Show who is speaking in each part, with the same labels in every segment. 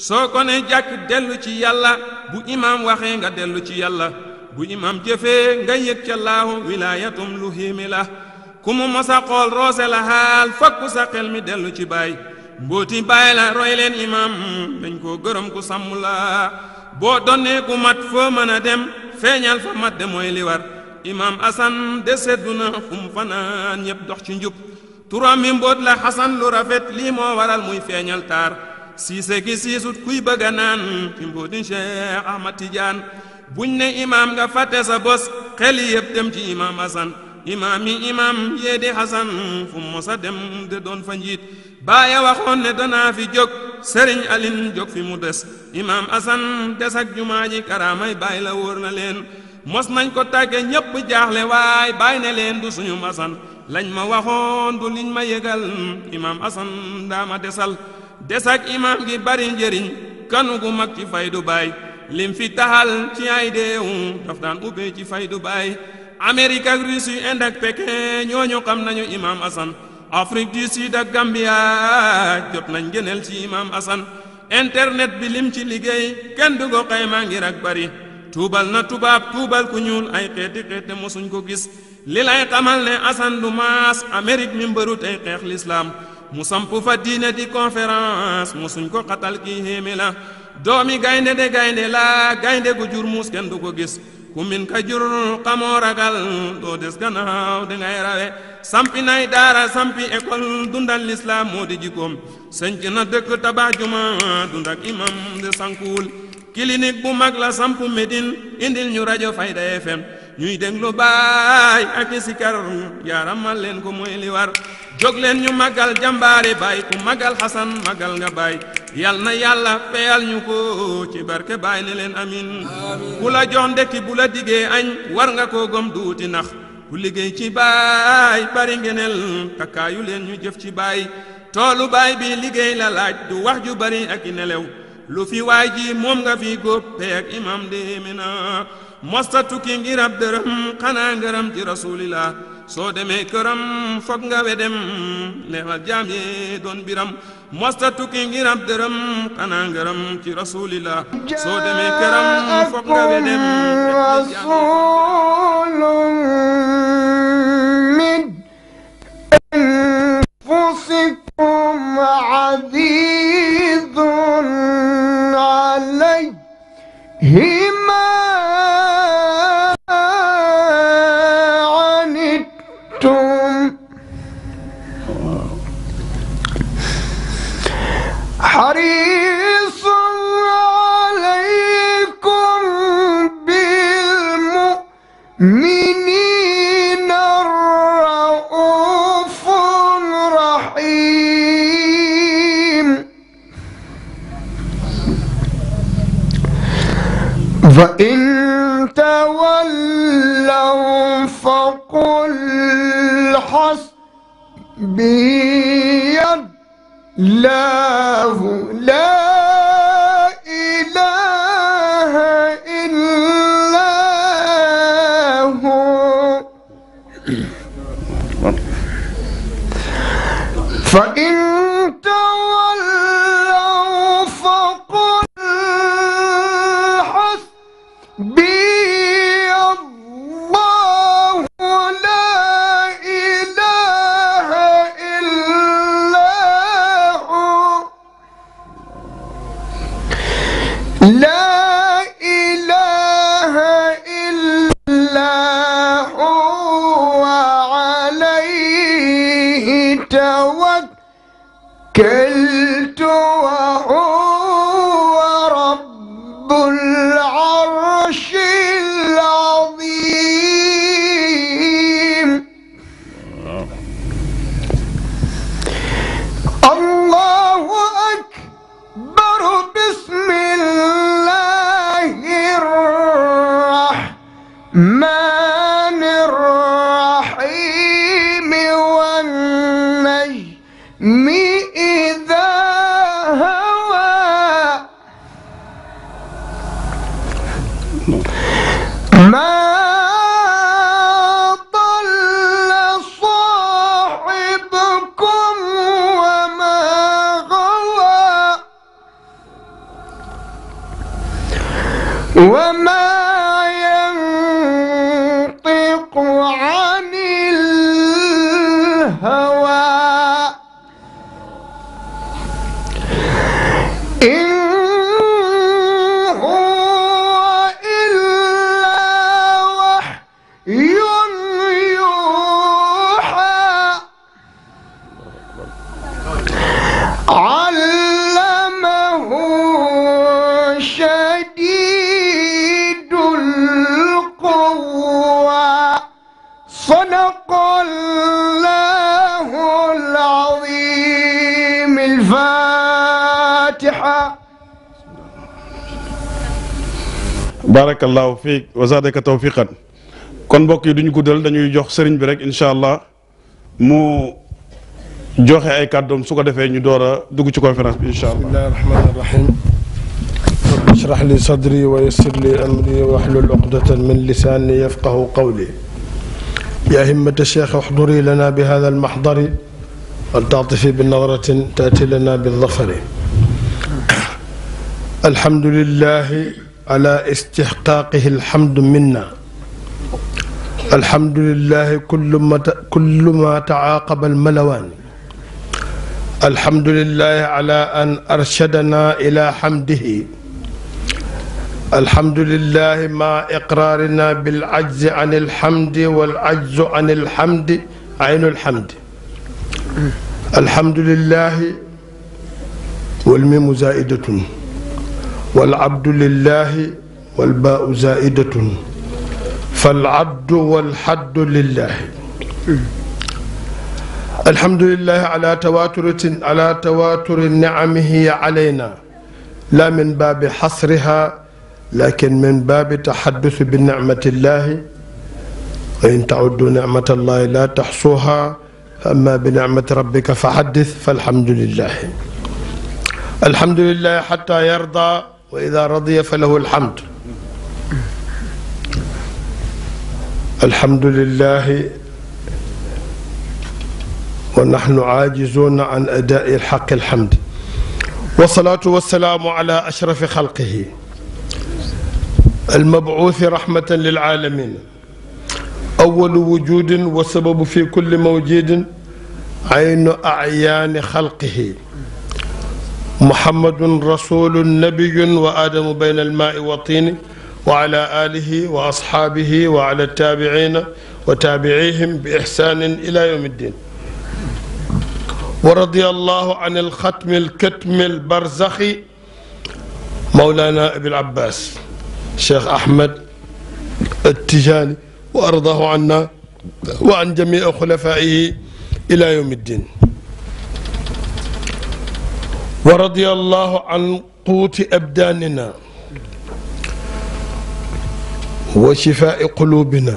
Speaker 1: soo ko ne jàkk dellu ci yàlla bu imaam waxee nga dellu ci yàlla bu imaam jëfee nga yëg ca laahu wilaayatum lu hiimi la ku mu mosa xool roose la xaal fakku sa xel mi dellu ci baay mbooti baay la roy leen imaam dañ koo gërëm ku sàmm la boo donnee ku mat foo mën a dem feeñal fa mat de mooy li imaam asan de seddu na fu fanaan ñépp dox ci njub turam mi mbóot la xasan lu rafet lii moo waral muy feeñal taar siise ki siisut kuy bëgg naan ci mbóoti Cheikh Ahmad Tidiane buñ ne imaam nga fàtte sa bos xel yëpp dem ci imaam Hassan imaam yi imaam yee di Hassan fu mos a dem de doon fa njiit baaye waxoon ne danaa fi jóg sëriñ Aline jóg fi mu des imaam asan des ak jumaa ji karaamay bàyyi la wóor na leen mos nañ ko tàgge ñépp jaaxle waay bàyyi ne leen du suñu Hassan lañ ma waxoon du liñ ma yëgal imaam Hassan daa ma desal des ak imam gi bari njëriñ kanu gu mag ci du baay lim fi taxal ci ay deewu daf daan ubbee ci faydu baay Amérique ak Russie Inde ak Pékin ñooñu xam nañu imaam Assane Afrique du Sud ak Gambia jot nañ gënal ci imam Assane internet bi lim ci liggéey kenn du ko ngir ak bari tuubal na tubaab tuubal ku ñuul ay xeeti xeete mosuñ ko gis li lay xamal ne Assane du maas Amérique mi mbëru tey xeex lislaam mu samp fa diine di conférence musuñ ko xatal kii héemi la doomi gaynde de gaynde la gaynde gu jur muus kenn du ko gis ku min ka jur xamoo ragal doo des gannaaw dangay rawe sampi nay daara sampi école dundal lislaam moo di jikkoom sënc na dëkk tabax juma dund ak imam de sankuul clinique bu mag la samp Médine indil ñu rajo Fayda FM ñuy déglu baay ak i sikar yaaramal leen ko mooy li war jóg leen ñu magal jàmbaari baay ku magal xasan magal nga baay yal na yàlla feyal ñu ko ci barke baay ne leen amin ku la jox ndekki bu la diggee añ war nga koo gom duuti nax ku liggéey ci baay bari ngeneel takkaayu leen ñu jëf ci baay toolu baay bi liggéey la laaj du wax ju bari ak i nelew lu fi waay ji moom nga fi góob peeg imam déemé na mosta tukki ngir ab dërëm xanaa ngërëm ci rasulillah soo demee këram foog nga we dem leewal jaam yee doon biram mosta tukki ngir ab dërëm xanaa ngërëm ci rasulillah soo demee këram foog nga we dem leewal
Speaker 2: laa
Speaker 3: barakallahu fiik wa zaadaka tawfiqan kon mbokk yi duñu guddal dañuy jox sëriñ bi rek incha allah mu joxe ay kàddoom su ko defee ñu door a dugg ci conférence bi incha allah bismillahi rahmani rahim
Speaker 4: rabbi shrah li sadri wa yassir li amri wahlul uqdatan min lisani yafqahu qawli يا همة الشيخ احضري لنا بهذا المحضر ولتعطفي بنظرة تأتي لنا بالظفر الحمد لله ala istixqaaqihi alhamdu minna alhamdulillahi kullu ma tacaaqaba almalawaan alhamdulillahi ala an arshadana ila xamdihi alhamdulillahi ma iqraarina bilcajzi an alhamdi walcajzu an alhamdi aynu alhamdi alhamdulillahi walmimu zaidatun wal abdu lillahi wal baau zaidatun fal abdu wal xaddu lillahi alhamdulillahi ala tawaaturatin ala tawaaturi nicamihi alayna la min baabi xasriha lakin min baabi taxaddusi bi nicmatillahi wa in tauddu nicmatallahi la taxsuha fa amma bi nicmati rabbika fa xaddis falhamdulillahi alhamdulillahi xata yarda wa ida radiya fa lahu alhamd alhamdulilahi wa naxnu aajizuna an adaai alxaqi alhamd wasalaatu wasalaamu ala ashrafi xalqihi almabuuthi rahmatan lilaalamin awalu wujudin wa sababu fi kulli mawjidin aynu acyaani xalqihi muhammadun rasulun nabiyun wa aadamu bayna almaai wa tiini wa ala alihi wa ashaabihi wa ala taabiciina wa taabicihim bi ixsaanin ila yowmi ddin wa radia allahu an alxatmi alkatmi albarzaxi mawlaana abil abbaas cheikh Ahmed Tijaani wa ardaahu anna wa an jamii xulafaa'ihi ila yowmi ddin wa radiyallahu an quuti abdaanina wa shifaai quluubina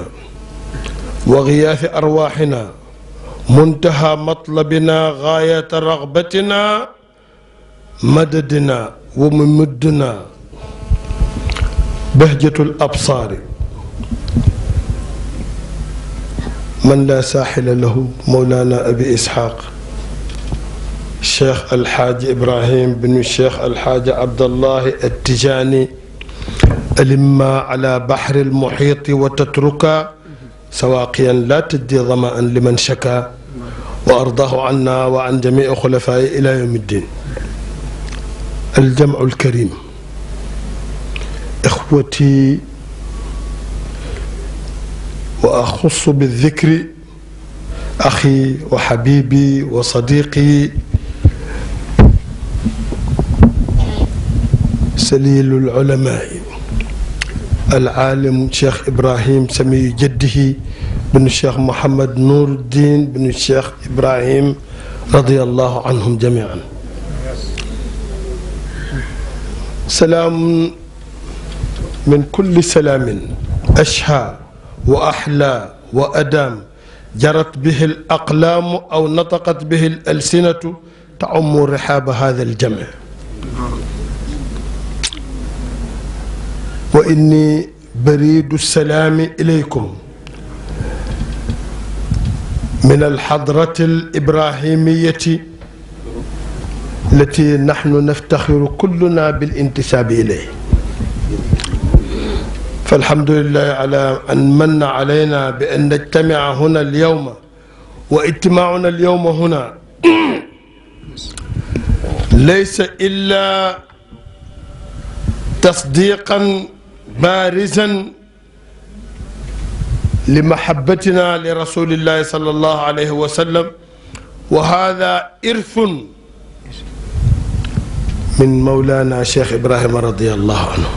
Speaker 4: wa giyaasi arwaaxina muntaha matlabina gaayata raxbatina madadina wa mumidduna bahjatul absaari man laa saaxila lahu mawlaana abi isxaaq cheikh alxaaji ibrahim binu cheikh alxaaji abdallahi attijaani alimma ala bahri almuhiiti wa tatruka sawaaqiyan laa tëjdi damaan liman shaka wa ardaahu anna wa an jamii xulafaai ila yowm ddin aljamcu alkarim ixwati wa axusu bidikri axi wa xabibi wa sadiqi salilul ulamaai alaalim cheikh ibrahim samiyu jëddihi binu cheikh mohamad nuruddin binu cheikh ibrahim radiallahu anhum jamian salaam min kulli salaamin ashha wa ahla wa adaam jarat bihi al aqlaamu aw nataqat bihi al alsinatu تعم رحاب هذا الجمع وإني بريد السلام إليكم من الحضرة الإبراهيمية التي نحن نفتخر كلنا بالانتساب إليه فالحمد لله على أن من علينا بأن نجتمع هنا اليوم واجتماعنا اليوم هنا laysa illa tasdiqan barizan li mahabbatina li rasulillahi sallallahu alayhi wa sallam wa hada irfun min mawlana cheikh ibrahima radiallahu anhu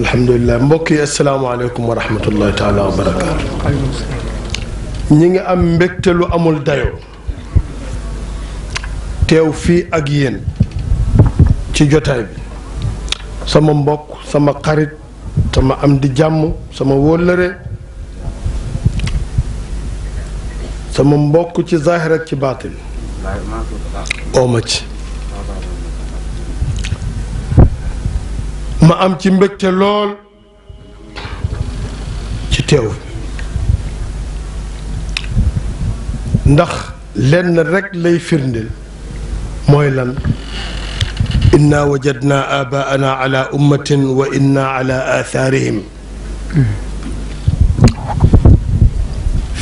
Speaker 4: alhamdulilah mbokk yi asalaamaaleykum wa rahmatullahi taala wa barakaatu ñi ngi am mbégte lu amul dayoo teew fii ak yéen ci jotaay bi sama mbokk sama xarit sama am di jàmm sama wóllëre sama mbokk ci zaahir ci baatin ooma ci ma am ci mbégte lool ci teew ndax lenn rekk lay firndeel mooy lan inna wajadna abaana ala ummatin wa inna ala athaarihim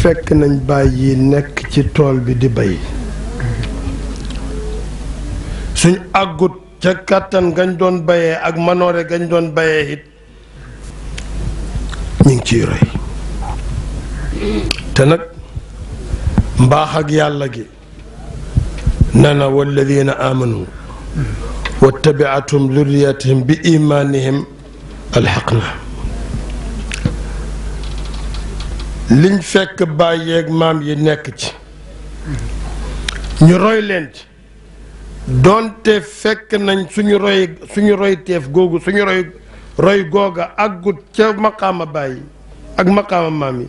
Speaker 4: fekk nañ bàyyi yi nekk ci tool bi di bay suñ àggut ca kàttan gañ doon bayee ak manoore gañ doon baye it ñu ngi ciy roy te nag mbaax ak yàlla gi nee na walladina amanu wattabiatum duriyatihim bi imanihim alxaq na liñ fekk bàyyeeg maam yi nekk ci ñu roy leen ci doonte fekk nañ suñu roy suñu roy teef googu suñu roy roy googa àggut ca maqaama bàyyi ak maqaama maam yi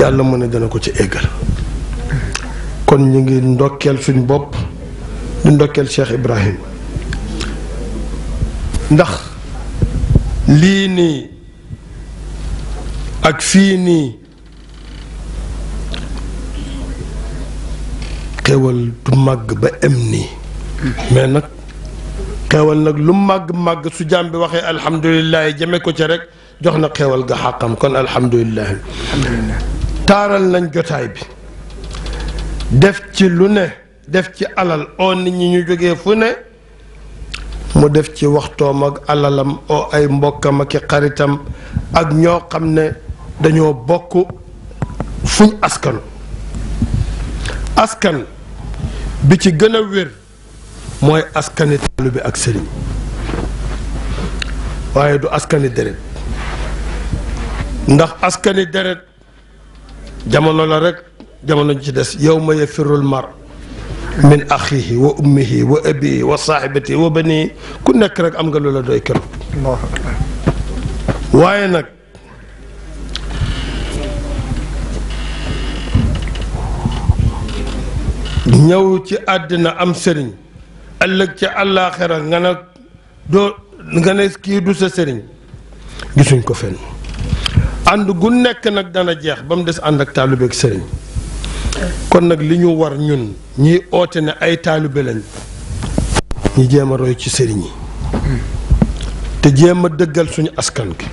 Speaker 4: yàlla mu ne dana ko ci éggal kon ñu ngi ndokkeel suñ bopp di ndokkeel Cheikh Ibrahim ndax lii nii ak fii nii xewal du màgg ba em nii mais nag xewal nag lu màgg-màgg su jàmbi bi waxee alhamdulilahi jëme ko ca rek jox na xewal ga xàqam kon alhamdulilahi taaral nañ jotaay bi def ci lu ne def ci alal oo nit ñi ñu jógee fu ne mu def ci waxtoom ak alalam oo ay mbokkam ak xaritam ak ñoo xam ne dañoo bokk fuñ askanu askan bi ci gëna a wér mooy askani taalu bi ak sëriñ waaye du askani deret ndax askani deret jamono la rekk jamono ji ci des yawma yafirul mar min axihi wa ummihi wa abihi wa saaxibati wa bani ku nekk rek am nga loola doy kër waaye nag ñëw ci àddina am sëriñ ëllëg ci àllaaxira nga ne doo nga ne kii du sa sëriñ gisuñ ko fenn ànd gu nekk nag dana jeex ba mu des ànd ak taalibeeg sëriñ kon nag li ñu war ñun ñiy oote ne ay taalibe lañ ñu jéem roy ci sëriñ yi te jéem a dëggal suñu askan gi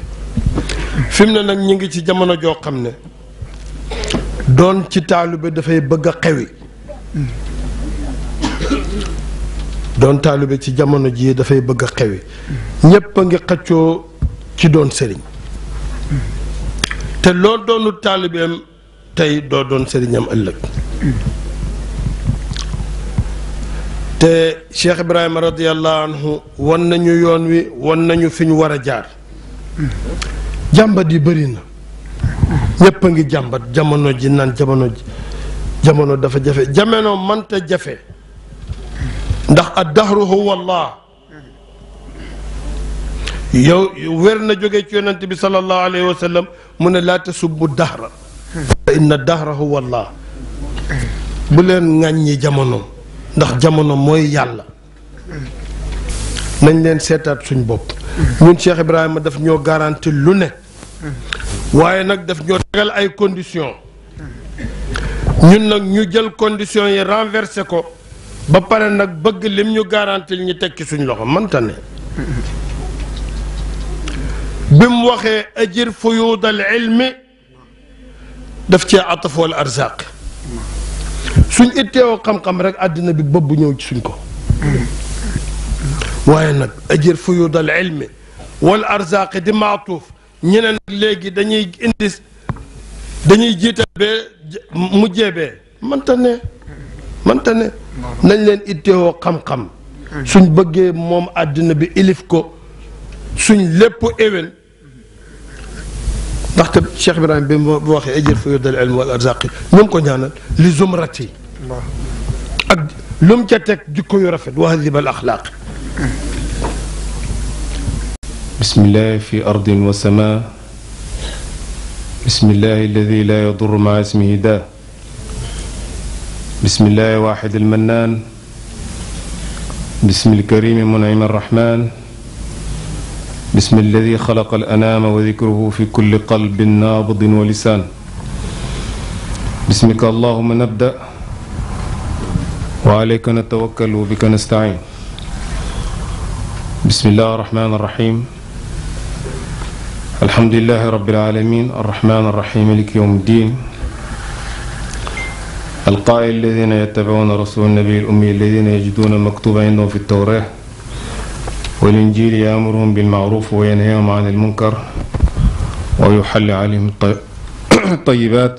Speaker 4: fi mu ne nag ñu ngi ci jamono joo xam ne doon ci taalibe dafay bëgg a doon taalibe ci jamono jii dafay bëgg a xewi ñépp a ngi xaccoo ci doon sëriñ te loo doonu taalibeem tey doo doon sëriñam ëllëg te Cheikh Ibrahima radiyallahu anhu won nañu yoon wi won nañu fi ñu war a jaar jàmbat yi bëri na ñépp a ngi jàmbat jamono ji naan jamono ji jamono dafa jafe jamono mënta jafe ndax ad-dahru huwa Allah yow wér na jóge ci yonent bi sallallahu alayhi wa sallam mu ne laa tasubbu dahra inna dahra huwa Allah bu leen ŋàññi jamono ndax jamono mooy yàlla nañ leen seetaat suñ bopp ñun Cheikh Ibrahima daf ñoo garanti lu ne waaye nag daf ñoo tegal ay condition ñun nag ñu jël condition yi renversé ko ba pare nag bëgg lim ñu garantil ñu tekki suñ loxo mënta ne bi mu waxee ajir fuyuudal ilmi def cee ataf wal arzaq suñ itteewoo xam-xam rek àddina bi bopp ñëw ci suñ ko waaye nag ajër fuyuud al ilmi wal arzaqi di maatuuf ñeneen léegi dañuy indi dañuy jiital bee mujjee bee mënta ne nañ leen itteewoo xam-xam suñ bëggee moom àddina bi ilif ko suñ lépp éwén ndaxte Cheikh Ibrahima bi mu waxee ajër fa yudal ilm wal arzaqi ñoom ko ñaanal li zumrat yi ak lu mu ca teg jikko yu rafet wa hadibal axlaaq
Speaker 5: bismillahi fi ardin wa sama bismillahi alladi la yaduru maa ismihi da bismillahi waxid almannaan bismi alkarimi mun'im arrahman بسم الذي خلق الأنام وذكره في كل قلب نابض ولسان بسمك اللهم نبدأ وعليك نتوكل وبك نستعين بسم الله الرحمن الرحيم الحمد لله رب العالمين الرحمن الرحيم لك يوم الدين القائل الذين يتبعون رسول النبي الأمي الذين يجدون مكتوب عندهم في التوراة والإنجيل يأمرهم بالمعروف وينهاهم عن المنكر ويحل عليهم الطيبات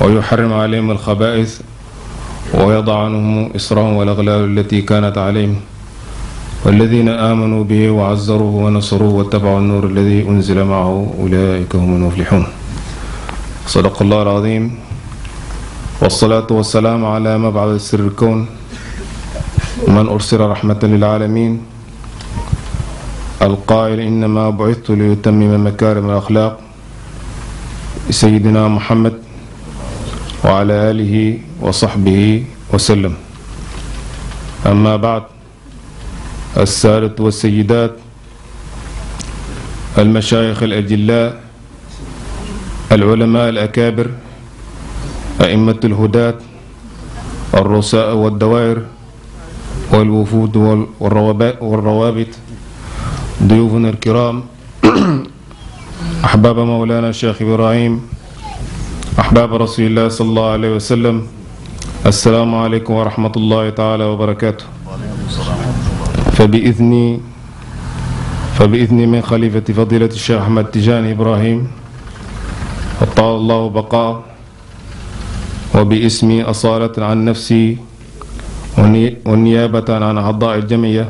Speaker 5: ويحرم عليهم الخبائث ويضع عنهم إصرهم والأغلال التي كانت عليهم والذين آمنوا به وعزروه ونصروه واتبعوا النور الذي أنزل معه أولئك هم المفلحون صدق الله العظيم والصلاة والسلام على مبعث سر الكون من أرسل رحمة للعالمين القائل إنما بعثت لأتمم مكارم الأخلاق سيدنا محمد وعلى آله وصحبه وسلم أما بعد السادة والسيدات المشايخ الأجلاء العلماء الأكابر أئمة الهداة الرساء والدوائر والوفود والروابط ضيوفنا الكرام أحباب مولانا الشيخ إبراهيم أحباب رسول الله صلى الله عليه وسلم السلام عليكم ورحمة الله تعالى وبركاته فبإذن فبإذن من خليفة فضيلة الشيخ أحمد تجاني إبراهيم أطال الله بقاء وباسمي أصالة عن نفسي ونيابة عن أعضاء الجمعية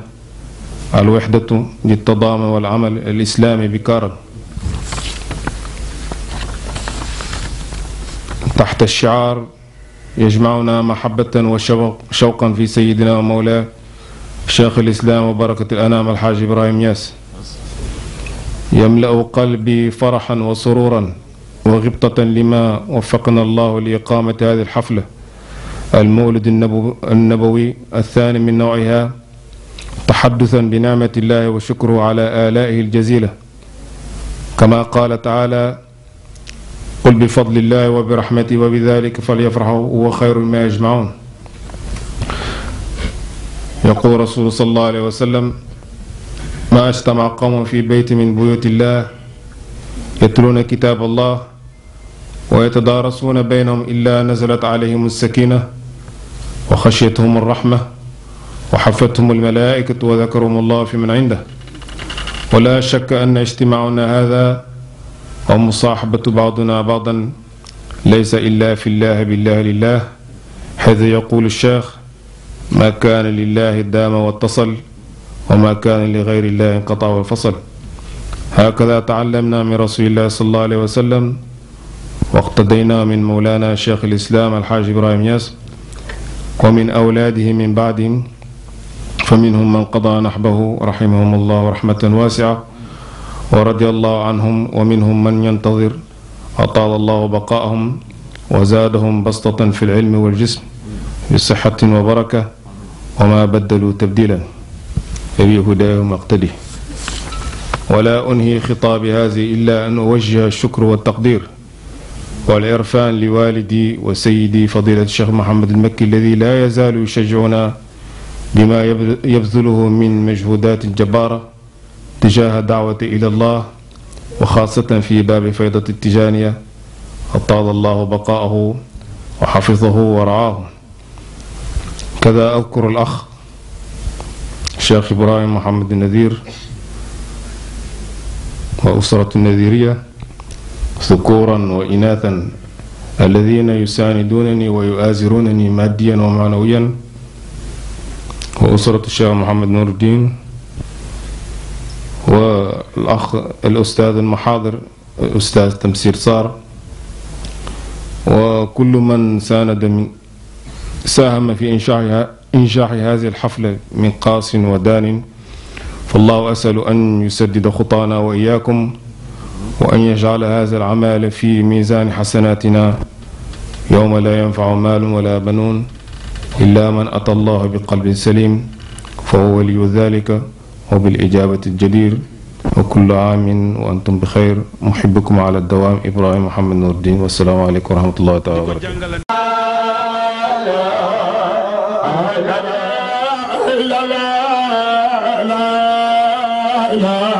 Speaker 5: alwaxdatu litadaama walamal alislaami bi kaaral taxta alshiaar yajmauna mahabatan wa shawqan fi sayidina wa mawla cheikh alislaam wa barakat alanaam alxaaj ibrahim ñas yamlau qalbi faraxan wa sururan wa gibtatan lima wafaqna allahu li iqamati hadi alxafla almawlid annabawi althani min nawciha taxaddusan bi niamati llahi wa shukruhu ala alaihi aljazila kama qaala taala qul bi fadlillahi wa bi rahmati wa bi dalika falyafraxu wa xayru ma yajmaun yaqul rasulu sallallahu alayhi wa sallam ma ajtama qawmun fi beyti min buyuti llah yatluuna kitaab allah wa yatadaarasuuna baynahum illa nazalat alayhim alsakina wa xashiyathum arrahma وحفتهم الملائكة وذكرهم الله في من عنده ولا شك أن اجتماعنا هذا ومصاحبة بعضنا بعضا ليس إلا في الله بالله لله حيث يقول الشيخ ما كان لله دام واتصل وما كان لغير الله انقطع وانفصل هكذا تعلمنا من رسول الله صلى الله عليه وسلم واقتدينا من مولانا شيخ الإسلام الحاج إبراهيم ياس ومن أولاده من بعدهم fa minhum man qadaa naxbahu raximahum allahu raxmatan waasia wa radia allahu anhum wa minhum man yantadir ataala allahu baqaahum wa zaadahum bastatan fi lilmi waljism bi sixatin wa baraka wa ma baddalu tabdilan abi hudaahum aqtadi wala unhi xitaabi haadi illa an uwajjiha alshukr waltaqdir والعرفان لوالدي وسيدي فضيلة الشيخ محمد المكي الذي لا يزال يشجعنا بما يبذله من مجهودات جبارة تجاه دعوة إلى الله وخاصة في باب فيضة التجانية أطال الله بقاءه وحفظه ورعاه كذا أذكر الأخ الشيخ إبراهيم محمد النذير وأسرة النذيرية ذكورا وإناثا الذين يساندونني ويؤازرونني ماديا ومعنويا wa usratu Cheikh Mouhamed Nouruddin wa al-akh al-ustaaz al-muhaadir ustaaz Tamsir Sarr wa kullu man saanada min saahama fi inshaa'i haadhihi al-hafla min qaasin wa daanin fallahu asalu an yusaddida xutaana wa iyaakum wa an yajcala haadha al-amala fi miizaani xasanaatina yawma laa yanfacu maalun wa laa banuun illaa man ata allah bi qalbin salim fa huwa waliyu dalika wa bil ijabati jadir wa kullu aamin wa antum bi xeyr muhibbukum ala dawaam ibrahima mohamad nuruddin wassalaamu aleykum wa rahmatullahi taala wa barakatu
Speaker 2: la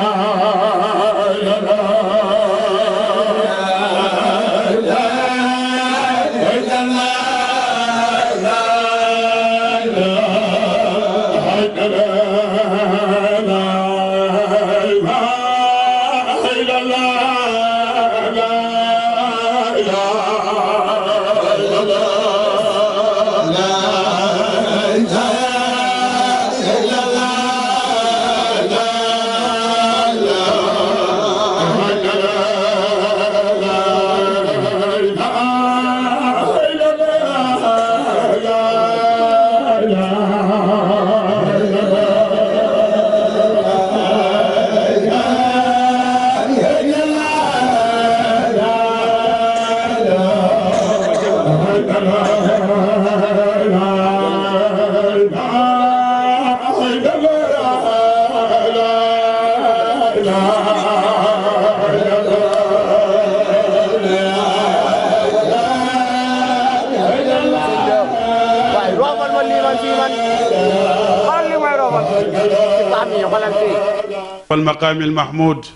Speaker 3: المقام المحمود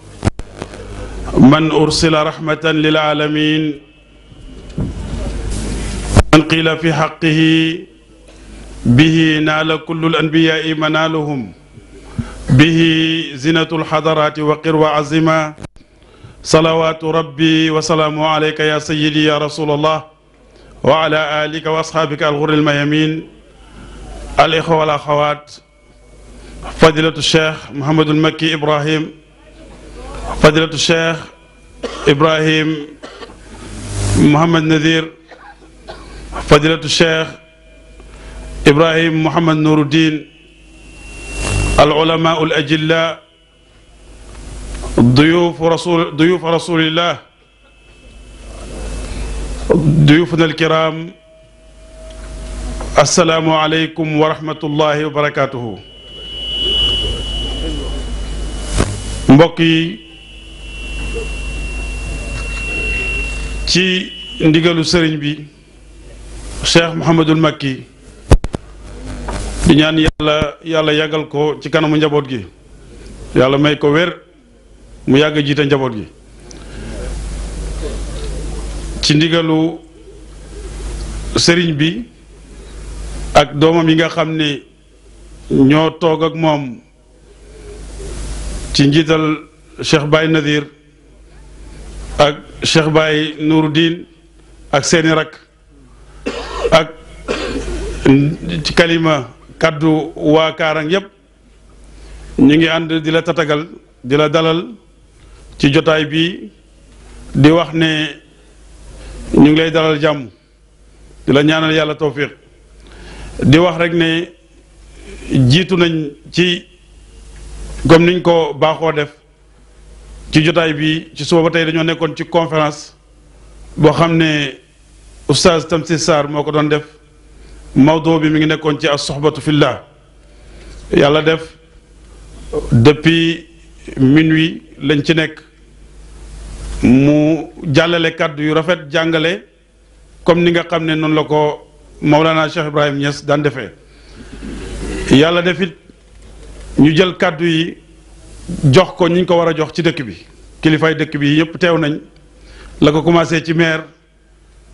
Speaker 3: من أرسل رحمة للعالمين من قيل في حقه به نال كل الأنبياء منالهم به زنة الحضارات وقروة عظيمة صلوات ربي وسلامه عليك يا سيدي يا رسول الله وعلى آلك وأصحابك الغر الميامين الإخوة والأخوات fadilatu cheikh Mouhamadul Makki Ibrahim fadilatu cheikh Ibrahim Mouhamad Nadir fadilatu cheikh Ibrahim Mouhamad Nouruddin al ulama al ajilla duyuufu rasul duyuufu rasulillah duyuufuna alkiram asalaamu aleykum wa rahmatullahi wa barakatuhu mbokk yi ci ndigalu sëriñ bi cheikh Mouhamadul Makki di ñaan yàlla yàlla yàggal ko ci kanamu njaboot gi yàlla may ko wér mu yàgg jiite njaboot gi ci ndigalu sëriñ bi ak doomam yi nga xam ni ñoo toog ak moom ci njiital Cheikh Baye Nadir ak Cheikh Baye Nouruddin ak seeni rakk ak ci kalima kàddu waa Kaarang yëpp ñu ngi ànd di la tatagal di la dalal ci jotaay bii di wax ne ñu ngi lay dalal jàmm di la ñaanal yàlla tawfiq di wax rek ne jiitu nañ ci comme niñ ko baaxoo def ci jotaay bi ci suba tey dañoo nekkoon ci conférence boo xam ne oustaz Tamsir Sarr moo ko doon def mawdo bi mi ngi nekkoon ci as soxbatu fillah yàlla def depuis minuit lañ ci nekk mu jàllale kàddu yu rafet jàngale comme ni nga xam ne noonu la ko Maulana Cheikh Ibrahim Niass daan defee yàlla def ñu jël kàddu yi jox ko ñi ñu ko war a jox ci dëkk bi kilifaay dëkk bi yëpp teew nañ la ko commencé ci maire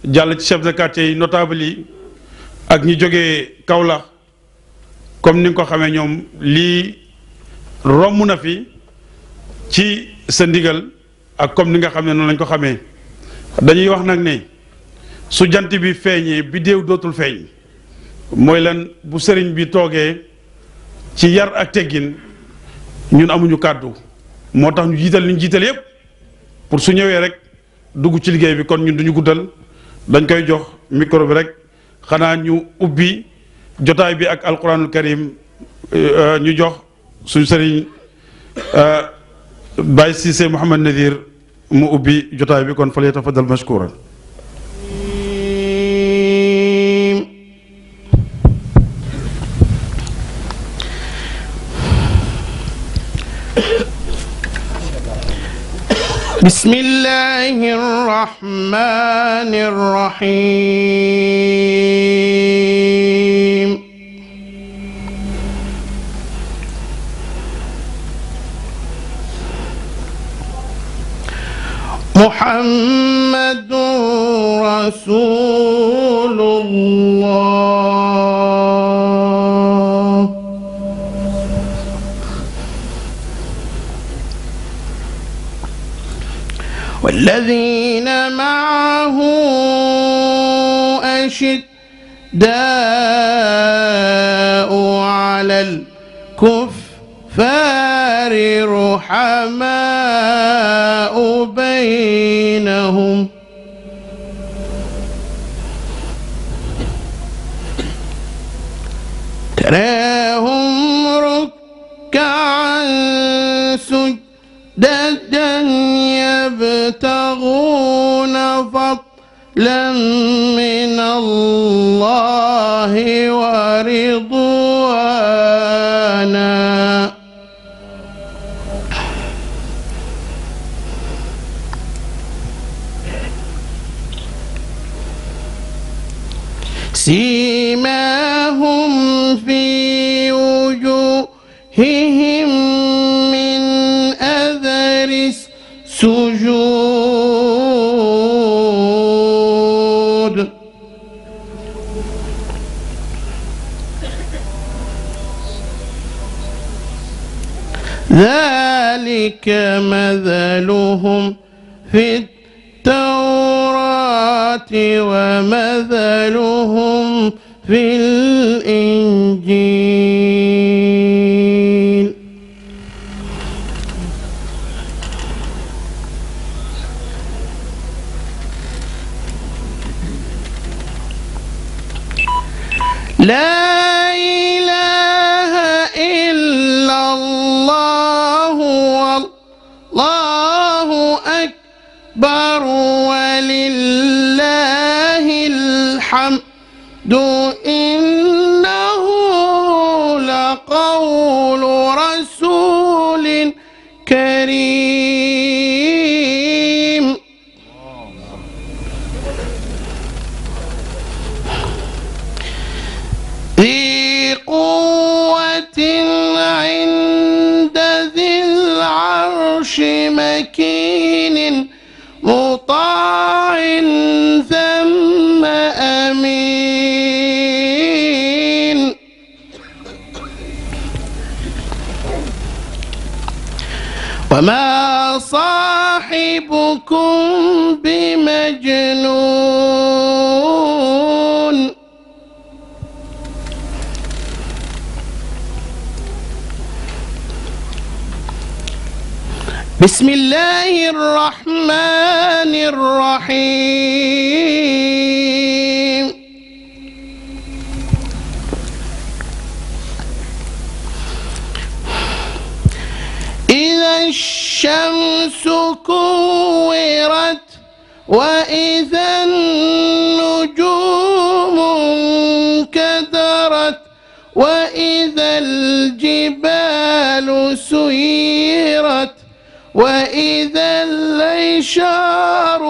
Speaker 3: jàll ci chef de quartier yi notable yi ak ñi jógee Kaolack comme ni ko xamee ñoom lii romb na ci sa ndigal ak comme ni nga xam ne noonu lañ ko xamee dañuy wax nag ne su jant bi feeñee biddéew dootul feeñ mooy lan bu sëriñ bi toogee. ci yar ak teggin ñun amuñu kàddu moo tax ñu jiital li ñu jiital yépp pour su ñëwee rek dugg ci liggéey bi kon ñun duñu guddal dañ koy jox micro bi rek xanaa ñu ubbi jotaay bi ak alquranul karim euh, euh, ñu jox su suñu sëriñ euh, Baye Cissé Mouhamad Nadir mu ubbi jotaay bi kon fa lay tafadal mashkuran
Speaker 6: بسم الله الرحمن الرحيم محمد رسول الله والذين معه أشداء على الكفار رحماء بينهم تراهم ركعا سجدا يبتغون فضلا من الله ورضوانا سيماهم في وجوههم من أثر السجود ذلك مثلهم في التوراة ومثلهم في الإنجيل مكين مطاع ثم أمين وما صاحبكم بمجنون بسم الله الرحمن الرحيم إذا الشمس كورت وإذا النجوم انكدرت وإذا الجبال سيرت وإذا العشار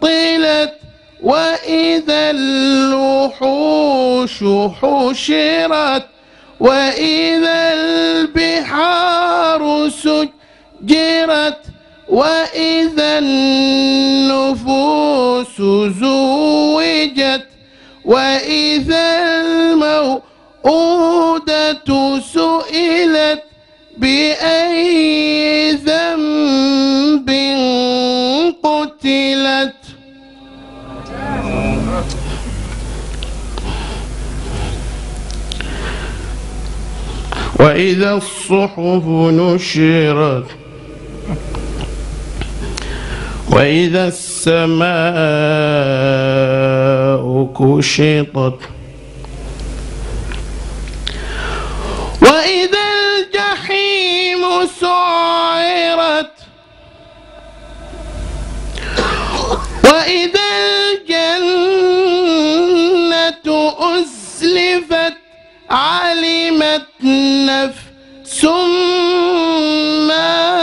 Speaker 6: طلت وإذا الوحوش حشرت وإذا البحار سجرت وإذا النفوس زوجت وإذا الموءودة سئلت بأي وإذا الصحف نشرت وإذا السماء كشطت وإذا نفس ما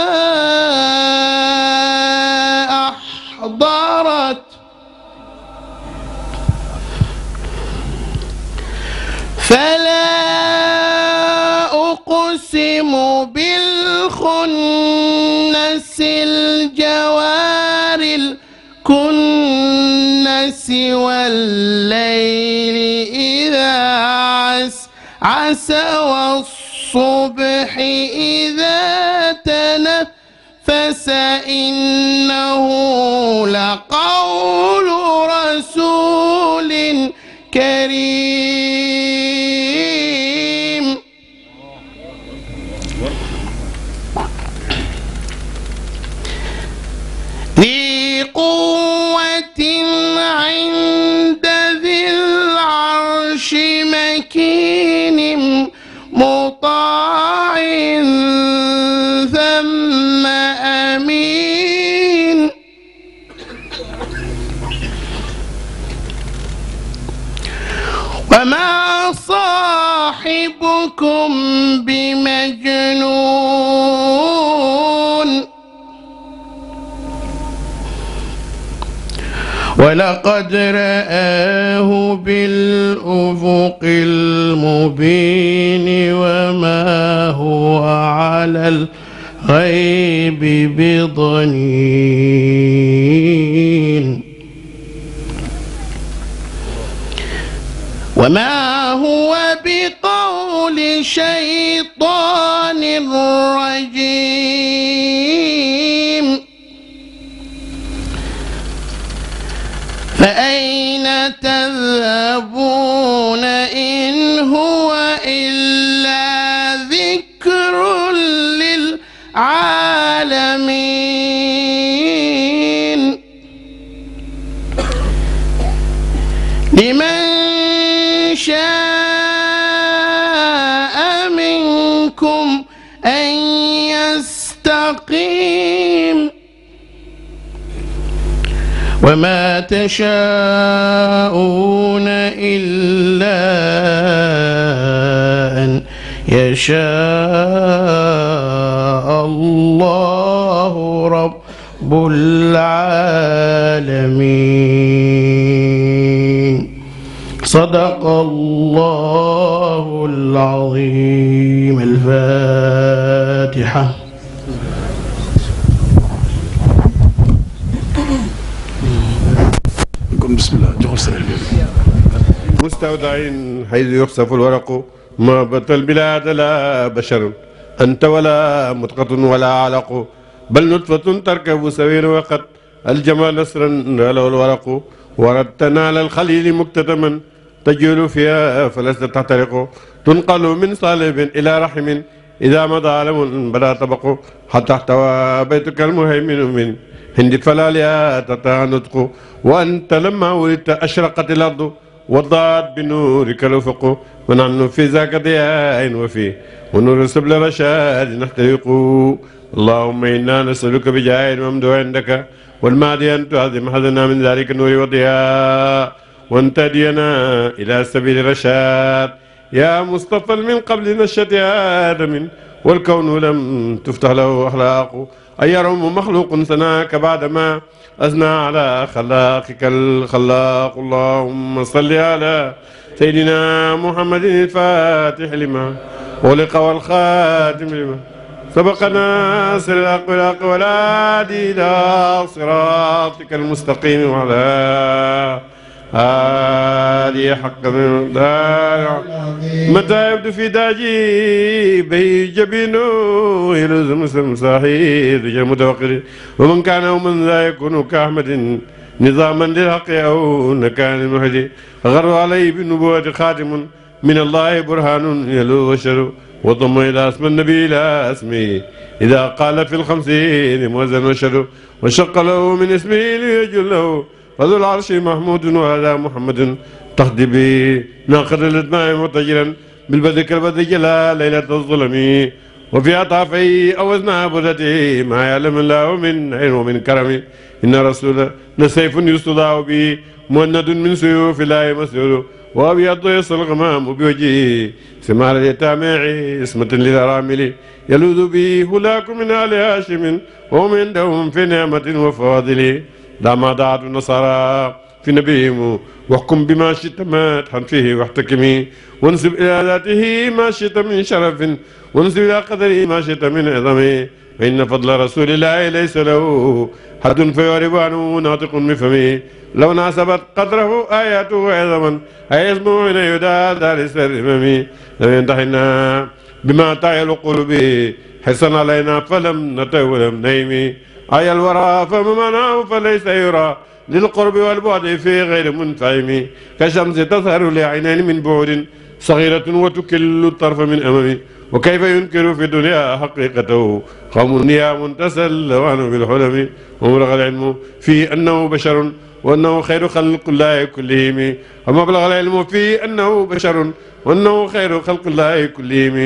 Speaker 6: أحضرت فلا أقسم بالخنس الجوار الكنس والليل إذا عسى والصبح إذا تنفس إنه لقول رسول كريم وما صاحبكم بمجنون ولقد رآه بالأفق المبين وما هو على الغيب بضنين وما هو بقول شيطان رجيم فأين تذهبون إن هو إلا وما تشاءون إلا أن يشاء الله رب العالمين صدق الله العظيم الفاتحه
Speaker 7: المرسلين مستودع حيث يخسف الورق ما بت البلاد لا بشر أنت ولا مطقة ولا علق بل نطفة تركب سوين وقد الجمع نسرا له الورق وردتنا على الخليل مكتتما تجول فيها فلست تحترق تنقل من صالب إلى رحم إذا مضى علم بدا طبق حتى احتوى بيتك المهيمن من هند الفلاليات تنطق وأنت لما ولدت أشرقت الأرض وضاءت بنورك الأفق ونحن في ذاك ضياء وفي ونور سبل رشاد نحترق اللهم إنا نسألك بجاه ممدوح عندك والمعدي أن تعظم حظنا من ذلك النور والضياء وأن تهدينا إلى سبيل الرشاد يا مصطفى من قبل نشأة آدم والكون لم تفتح له أخلاقه أيرم مخلوق ثناك بعدما أثنى على خلاقك الخلاق اللهم صل على سيدنا محمد الفاتح لما أغلق والخاتم لما سبق ناصر الحق بالحق والهادي إلى صراطك المستقيم وعلى هذه حق من دار متى يبدو في داجي به جبين يلزم سمساحي رجع متوقر ومن كان ومن لا يكون كأحمد نظاما للحق أو نكان محدي غر عليه بالنبوة خاتم من الله برهان يلو وشر وضم إلى اسم النبي إلى اسمه إذا قال في الخمسين موزن وشر وشق له من اسمه ليجل له فذو العرش محمود وهذا محمد تخدي به من قدر الادماء مرتجلا بالبدر كالبدر جلا ليلة الظلم وفي أطافي أو أذنى بدته ما يعلم الله من عين ومن كرم إن رسول لسيف يستضاع به مهند من سيوف الله مسعود وأبيض يصل الغمام بوجهه ثمار اليتامى اسمة للأرامل يلوذ به هلاك من آل هاشم وهم عندهم في نعمة وفاضل دام داد نصارى في نبيهم واحكم بما شئت مدحا فيه واحتكمي وانسب الى ذاته ما شئت من شرف وانسب الى قدره ما شئت من عظم فان فضل رسول الله ليس له حد فيعرب عنه ناطق بفمه لو ناسبت قدره اياته وعظما اي اسمه من يدادى لسر اممي لم ينتهنا بما تعيل قلوبه حسن علينا فلم نتولم نيمي أي الورى فمناه فليس يرى للقرب والبعد في غير منتعم كشمس تظهر لعينين من بعد صغيرة وتكل الطرف من أمامي وكيف ينكر في الدنيا حقيقته قوم نيام تسلوا عنه بالحلم ومبلغ العلم في أنه بشر وأنه خير خلق الله كلهم ومبلغ العلم في أنه بشر وأنه خير خلق الله كلهم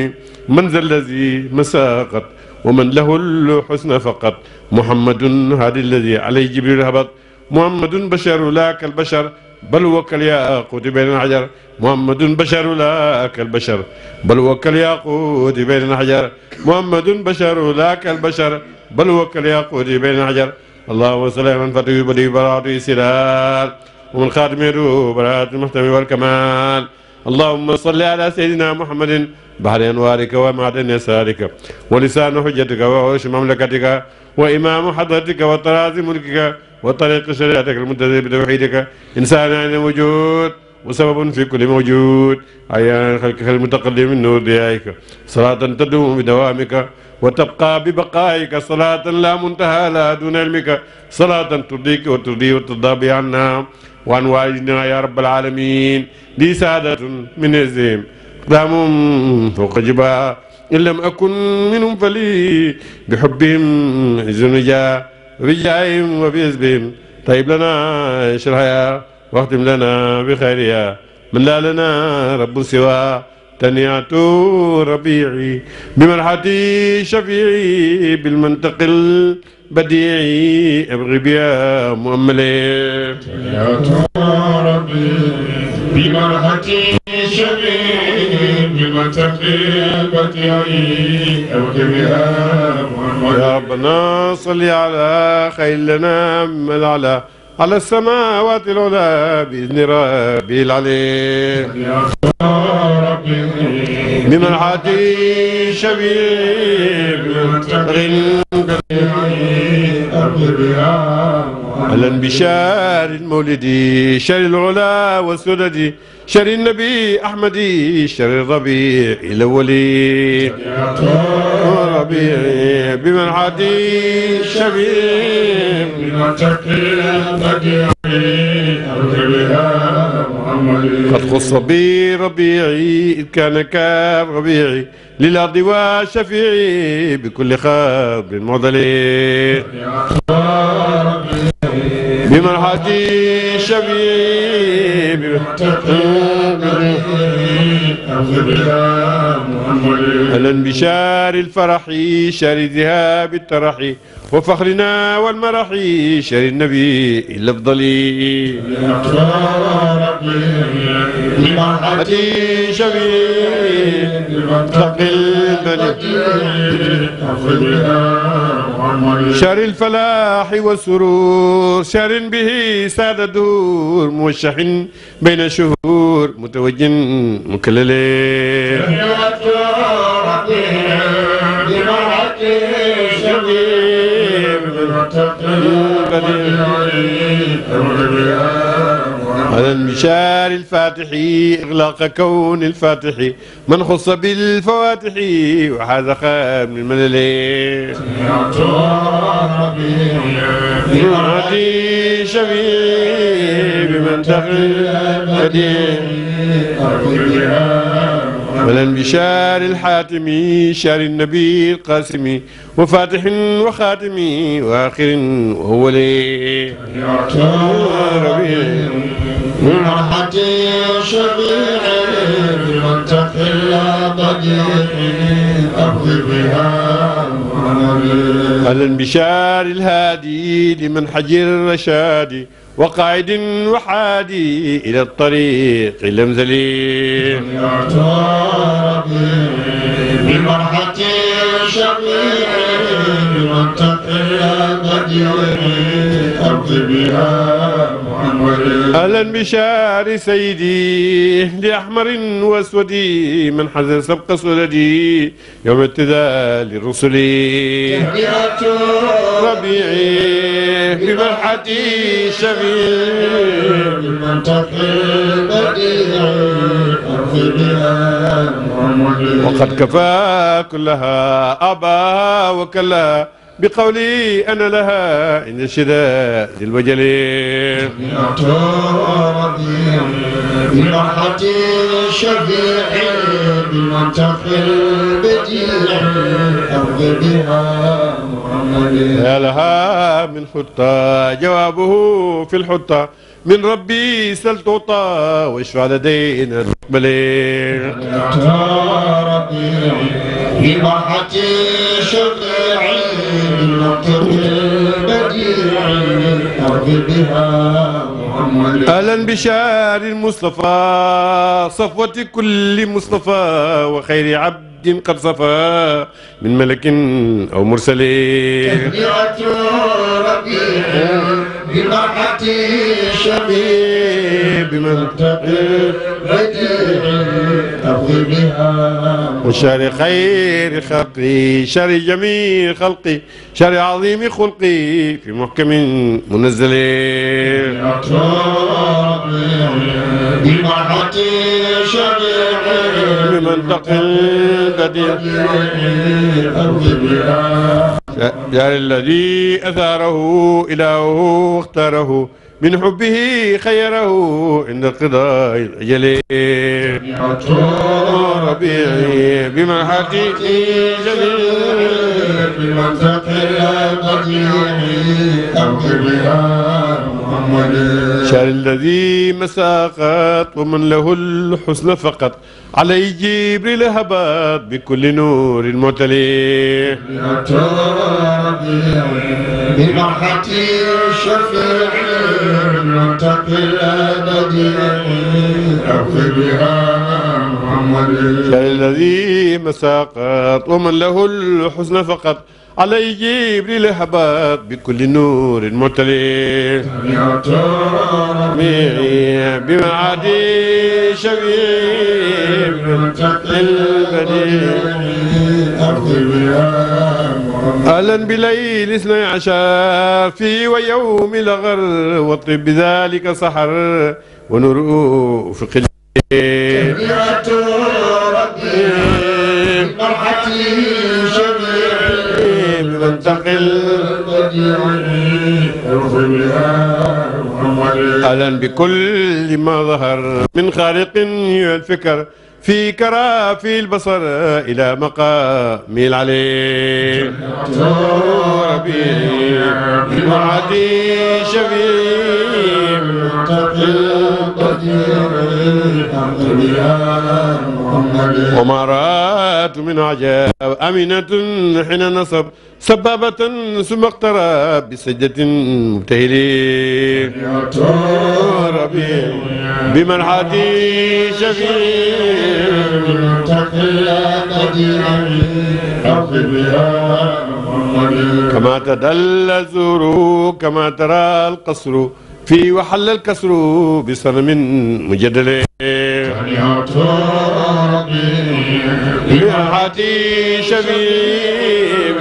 Speaker 7: من ذا الذي مساقت ومن له الحسن فقط محمد هذا الذي عليه جبريل هبط محمد بشر لا كالبشر بل هو كالياقوت بين الحجر محمد بشر لا كالبشر بل هو كالياقوت بين الحجر محمد بشر لا كالبشر بل هو كالياقوت بين الحجر اللهم صل على من فتح بدي براءته سلال ومن خاتم الروح براءة المحتم والكمال اللهم صل على سيدنا محمد بحر انوارك ومعدن يسارك ولسان حجتك وعوش مملكتك وإمام حضرتك وطراز ملكك وطريق شريعتك المنتظر بتوحيدك إنسان عين وجود وسبب في كل موجود عيان خلقك المتقدم من نور ضيائك صلاة تدوم بدوامك وتبقى ببقائك صلاة لا منتهى لها دون علمك صلاة ترضيك وترضي وترضى بها عنا وعن والدنا يا رب العالمين دي سادة من الزيم قدام فوق جباه إن لم أكن منهم فلي بحبهم زنجا بجاهم وبحزبهم طيب لنا شرها واختم لنا بخيرها من لا لنا رب سوى تنيعت ربيعي بمرحتي شفيعي بالمنطق البديعي أبغي بها مؤملي تنيعت
Speaker 2: ربيعي بمرحتي شفيعي يا ربنا
Speaker 7: صل على خيلنا ملعلى على السماوات العلى بإذن ربي العليم من العادي شبيب غنك
Speaker 2: أبدي بها
Speaker 7: أهلا بشار مولدي شر العلا والسدد شر النبي أحمدي شر الربيع الأولي ربيع بمن حدي
Speaker 2: شبيب بمن تكي
Speaker 7: قد خص بي ربيعي إذ كان كان ربيعي للأرض وشفيعي بكل خير معضلي
Speaker 2: بمن هدي شبيب
Speaker 7: أهلا بشار الفرح شار ذهاب الترح وفخرنا والمرح شر النبي إلا أفضلي
Speaker 2: بمرحتي شبيب بمن تقل بني
Speaker 7: شر الفلاح والسرور شر به ساد الدور موشح بين الشهور متوجن مكلل على المشار الفاتح إغلاق كون الفاتح من خص بالفواتح وحاز خاب من الملل سمعت
Speaker 2: ربي نعتي شبيه بمن تغلب
Speaker 7: ولن بشار الحاتم شار النبي القاسم وفاتح وخاتم واخر وهو لي
Speaker 2: فرحتي شبيعي بمنتقى القديم
Speaker 7: أقضي بها أهلا بشار الهادي لمن حجر الرشاد وقائد وحادي إلى الطريق المزلي
Speaker 2: بمرحة شبيعي بمنتقى القديم أقضي بها أهلا
Speaker 7: بشار سيدي لأحمر وأسودي من حزن سبق سردي يوم ابتداء لرسلي
Speaker 6: ربيعي بمرحتي شفيع من
Speaker 7: وقد كفى كلها أبا وكلها بقولي أنا لها إن شداد الوجل
Speaker 2: برحمة الشفيع بمنتق البديع أرض بها محمد يا
Speaker 7: لها من حطة جوابه في الحطة من ربي سلطوطا واشفع لدينا المقبلين
Speaker 2: ربي بمرحة الشفيع أهلا
Speaker 7: بشار المصطفى صفوة كل مصطفى وخير عبد قد صفى من ملك أو مرسل تهنئة
Speaker 2: ربيع بمرحة شبيب بمنطق بديع
Speaker 7: وشر خير خلقي شر جميع خلقي شر عظيم خلقي في محكم منزل
Speaker 6: بمنطق قدير
Speaker 7: يا الذي أثاره إلهه واختاره من حبه خيره عند انقضاء الأجل ربيعي
Speaker 2: بمحاتي جميل بمنزق القرن أوفر بها محمد شار
Speaker 7: الذي مساقت ومن له الحسن فقط علي جبريل هبط بكل نور معتلي
Speaker 2: بمحاتي شفيع اتق الابد اخرها محمد الذي
Speaker 7: مساقط ومن له الحسن فقط علي جبريل هبط بكل نور معتلي
Speaker 2: بما عادي شبيب البديع أخذ بها
Speaker 7: أهلا بليل اثني عشر في ويوم الغر والطب بذلك سحر ونور أفق كبيرة
Speaker 6: ربي مرحتي شبيعي بمنتقل
Speaker 2: بديعي بها
Speaker 7: أهلا بكل ما ظهر من خالق ينفكر في كرافي البصر إلى مقام العلي ربي
Speaker 6: وعدي شفيع ومارات
Speaker 7: من عجاب أمينة حين نصب سبابة ثم اقترب بسجدة مبتهلين ربي بمن حاتي شفيع كما تدل الزور كما ترى القصر في وحل الكسر بسلم مجدل
Speaker 2: فليعت ربي بمرحتي شبيب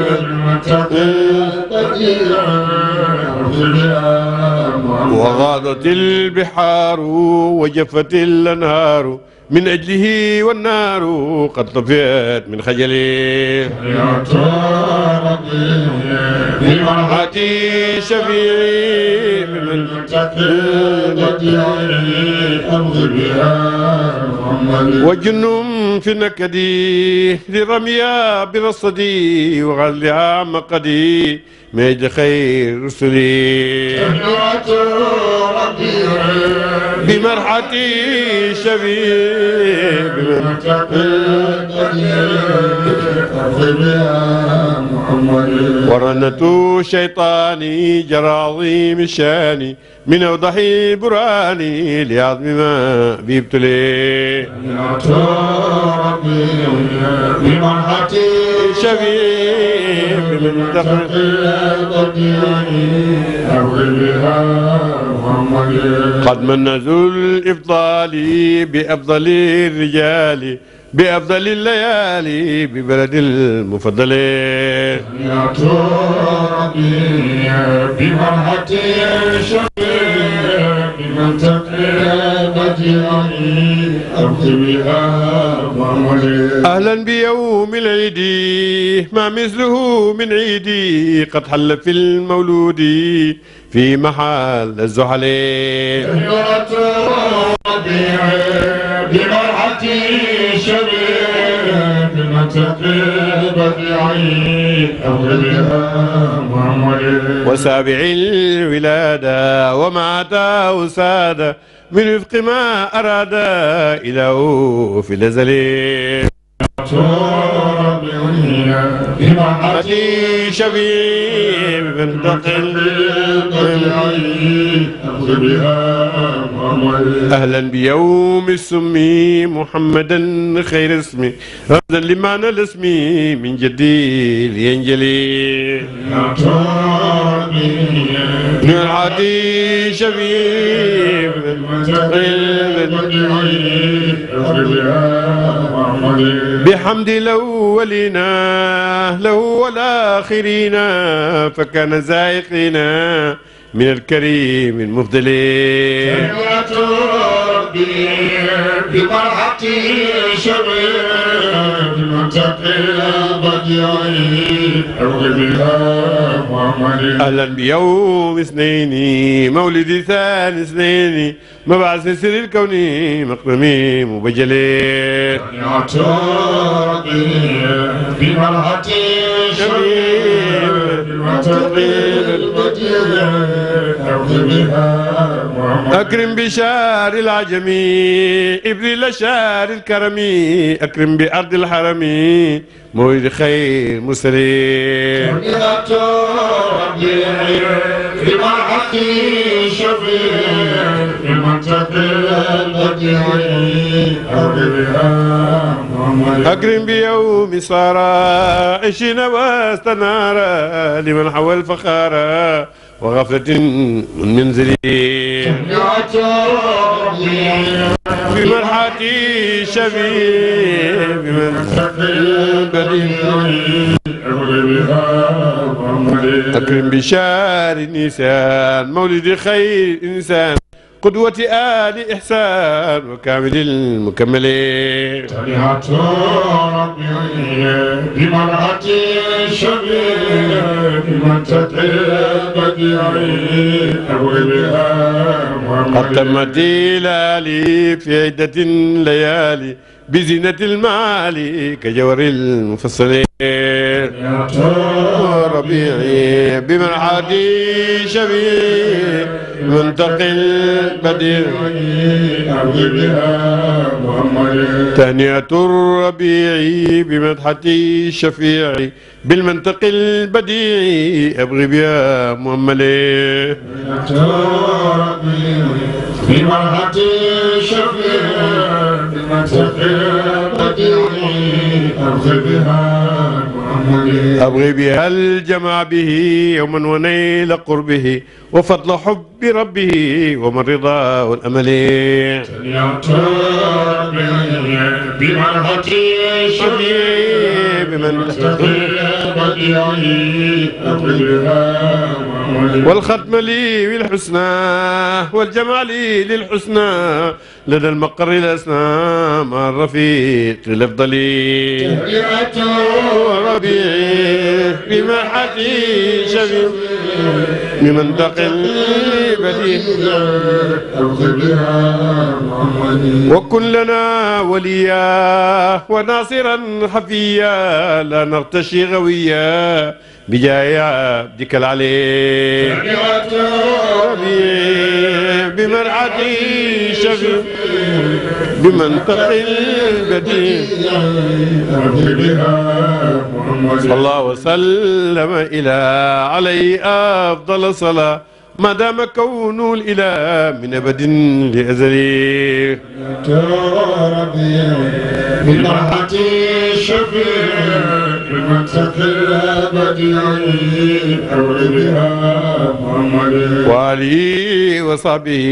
Speaker 7: وغاضت البحار وجفت الانهار من أجله والنار قد طفئت من خجلي فليعت ربي
Speaker 1: بمرحتي شبيب
Speaker 7: وجنم في نكدي لرميا برصدي وغلها مقدي ميد خير رسلي
Speaker 2: بمرحتي شبيب بمرحتي
Speaker 7: شبيب ورنة شيطاني جرى عظيم الشان من أوضحي براني لعظم ما بيبتلي
Speaker 2: ربي بمرحتي شفيع بمن دخل
Speaker 7: قد من ذو الإفضال بأفضل الرجال بأفضل الليالي ببلد المفضل يا
Speaker 2: ربي بمرحة شفيع بمن تقربت أهلا
Speaker 7: بيوم العيد ما مثله من عيدي قد حل في المولود في محل الزحل سيرة
Speaker 2: ربيعي بمرحتي شبيب المتقي بديعي أغلبها معمري
Speaker 7: وسابع الولادة ومات وسادة من رفق ما أراد إله في الأزل
Speaker 2: ربيعي بمرحتي شبيب فانتقل
Speaker 7: أهلا بيوم سمي محمدا خير اسمي هذا لمعنى الاسم من جديد ينجلي من العادي شبيب المتقل بحمد الأولين له والآخرين فكان زائقنا من الكريم المفضل شريعة
Speaker 5: ربي بفرحته شريف
Speaker 2: المتقين
Speaker 7: أهلا بيوم اثنين مولدي ثاني اثنين مبعث سر الكون مقدمي مبجلي
Speaker 1: بمرحتي
Speaker 2: شريف بمتقي المدينة
Speaker 1: أكرم بشار
Speaker 7: العجم إبريل شار الكرم أكرم بأرض الحرم مويد خير مسلم
Speaker 2: في مرحة شفيع في منطق
Speaker 7: أكرم بيوم صار عشنا واستنار لمن حول فخارا وغفلة من منزلي
Speaker 5: بمرحتي شبيه بمن بدين
Speaker 7: أكرم بشار نيسان مولد خير إنسان قدوة آل إحسان وكامل المكمل طلعة
Speaker 2: ربي لمرأة شبيه من بديعي قد تم دلالي
Speaker 7: في عدة ليالي بزينة المال كجور المفصلين يا ربيعي بمن عادي شبيه منتقي البديع تهنئة الربيع بمدحتي الشفيع بالمنطق البديع أبغي بها مؤمل
Speaker 2: بمدحتي الشفيع بالمنطق البديع
Speaker 7: أبغي بها الجمع به يوما ونيل قربه وفضل حب ربه ومن رضاه الأمل
Speaker 2: بمرحتي شفيع بمن تستغل بديعي أبغي بها
Speaker 7: والختم لي بالحسنى والجمال للحسنى لدى المقر الأسنى مع الرفيق الأفضل ربيعي بما حكي شفيع بمنطق بديع وكن لنا وليا وناصرا حفيا لا نغتشي غويا بجاي عبدك العلي
Speaker 2: بمرعتي
Speaker 7: شفيع بمنطق البديع صلى الله وسلم إلى علي أفضل صلاة ما دام كون الإله من أبد لأزلي
Speaker 2: ترى ربي من رحمتي شفيع
Speaker 7: وآله وصحبه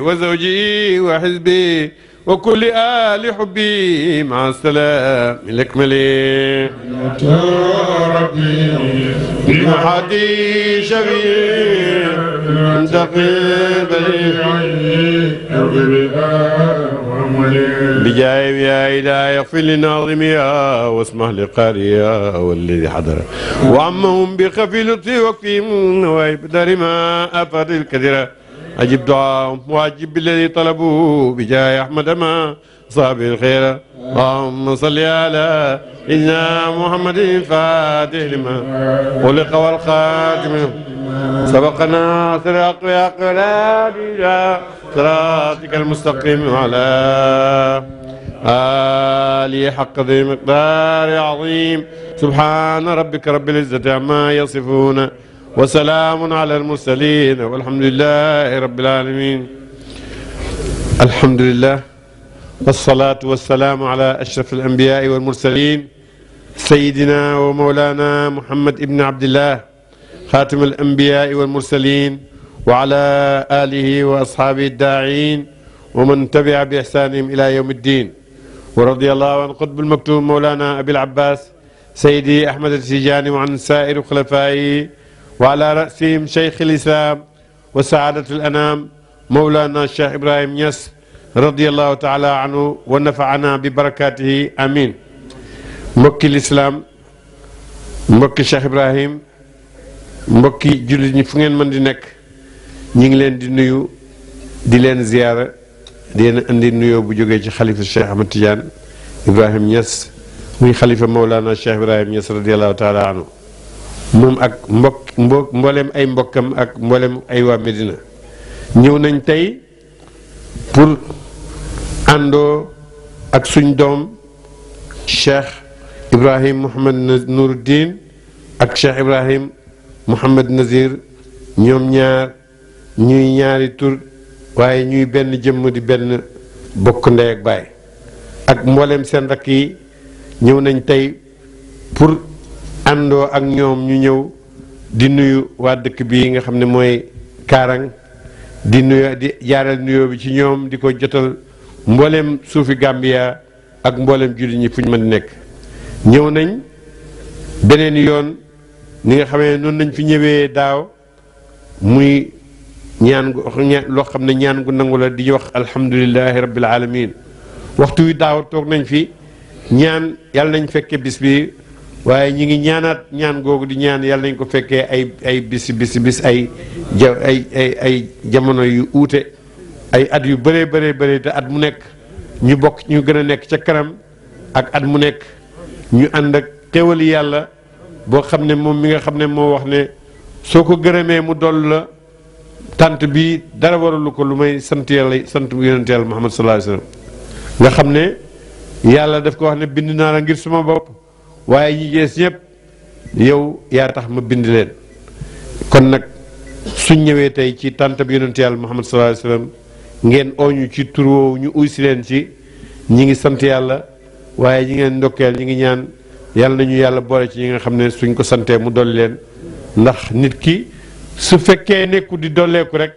Speaker 7: وزوجي وحزبي وكل آل حبي مع السلام الأكمل
Speaker 2: ربي بمحدي شفيع
Speaker 7: بجايب يا إله اغفر لناظميها واسمح لقاريها والذي حضر وعمهم بخفي لطفي وقتهم وابدر ما أفاد الكثير أجب دعاهم وأجب بالذي طلبوه بجاه أحمد ما صاب الخير اللهم صل على إلا محمد الفاتح لما خلق والخاتم سبقنا صراط ولا إلى صراطك المستقيم وعلى آله حق ذي مقدار عظيم سبحان ربك رب العزة عما يصفون وسلام على المرسلين والحمد لله رب العالمين الحمد لله والصلاة والسلام على أشرف الأنبياء والمرسلين سيدنا ومولانا محمد ابن عبد الله خاتم الأنبياء والمرسلين وعلى آله وأصحابه الداعين ومن تبع بإحسانهم إلى يوم الدين ورضي الله عن قطب المكتوم مولانا أبي العباس سيدي أحمد التجاني وعن سائر خلفائه وعلى رأسهم شيخ الإسلام وسعادة الأنام مولانا الشيخ إبراهيم يس رضي الله تعالى عنه ونفعنا ببركاته آمين mbokki lislaam mbokki Cheikh Ibrahim mbokki jullit ñi fu ngeen mën di nekk ñi ngi leen di nuyu di leen ziyaara di leen indi nuyoo bu jógee ci xalifa Cheikh Ahmad Tidiane Ibrahim Niass muy xalifa Mawlana Cheikh Ibrahim Niass radiallahu taala anhu moom ak mbokk mbo mbooleem ay mbokkam ak mbooleem ay waa Medina ñëw nañ tey pour àndoo ak suñ doom Cheikh Ibrahim Mouhamed Nouruddin ak Cheikh Ibrahim Mouhamed Nazir ñoom ñaar ñuy ñaari tur waaye ñuy benn jëmm di benn bokk ndey ak baay ak mboolem seen rakk yi ñëw nañ tey pour àndoo ak ñoom ñu ñëw di nuyu waa dëkk bi nga xam ne mooy Kaarang di nuyu di jaaral nuyoo bi ci ñoom di ko jotal mboolem suufi Gambia ak mboolem jullit ñi fu ñu mën nekk. ñëw nañ beneen yoon ni nga xamee noonu lañ fi ñëwee daaw muy ñaan loo xam ne ñaan gu nangu la di ñu wax alhamdulilahi rabbil alamin waxtu wi daaw toog nañ fi ñaan yàlla nañ fekkee bis bi waaye ñi ngi ñaanaat ñaan googu di ñaan yàlla nañ ko fekkee ay ay bis bis ay ja jamono yu uute ay at yu bëree bëree bëri te at mu nekk ñu bokk ñu gën a nekk ca kanam ak at mu nekk ñu ànd ak xéwal yàlla boo xam ne moom mi nga xam ne moo wax ne soo ko gërëmee mu dollu la tant bi dara waralu ko lu may sant yàlla sant yonent yàlla Muhammad sallallahu alayhi wasallam nga xam ne yàlla daf ko wax ne bind naa la ngir suma bopp waaye ñi jees ñëpp yow yaa tax ma bind leen kon nag suñ ñëwee tey ci tant bi yonent yàlla Muhammad sallallahu ngeen oñu ci tur ñu uy si leen ci ñi ngi sant yàlla waaye ñi ngeen ndokkeel ñi ngi ñaan na ñu yàlla boole ci ñi nga xam ne suñ ko santee mu dolli leen ndax nit ki su fekkee nekku di dolleeku rek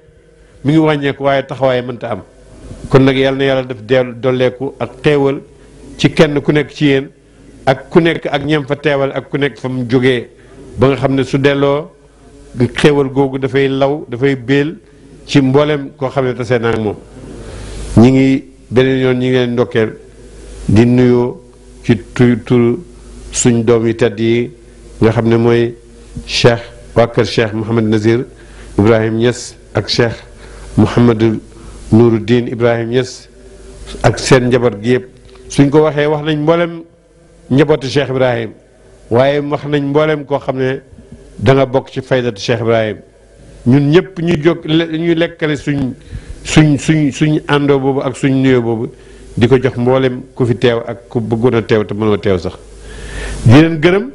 Speaker 7: mu ngi wàññeeku waaye taxawaay mënta am kon nag yàlla na yàlla def deel dolleeku ak xéewal ci kenn ku nekk ci yéen ak ku nekk ak ñem fa teewal ak ku nekk fa mu jógee ba nga xam ne su delloo xéewal googu dafay law dafay béel ci mboolem koo xam ne tasee naa ak moom ñi ngi beneen yoon ñi ngeen leen ndokkeel di nuyoo ci tu tur suñ doom yi tedd yi nga xam ne mooy cheikh waa kër cheikh Mouhamad Nazir Ibrahim Niass ak cheikh Mouhamad Nouruddin Ibrahim Niass ak seen njaboot gi yëpp suñ ko waxee wax nañ mboolem njabootu cheikh Ibrahim waaye wax nañ mboolem koo xam ne da nga bokk ci faydatu cheikh Ibrahim ñun ñëpp ñu jóg ñu lekkale suñ suñ suñ suñ àndoo boobu ak suñ nuyoo boobu. di ko jox mbooleem ku fi teew ak ku bëggoon a teew te mënoo teew sax di leen gërëm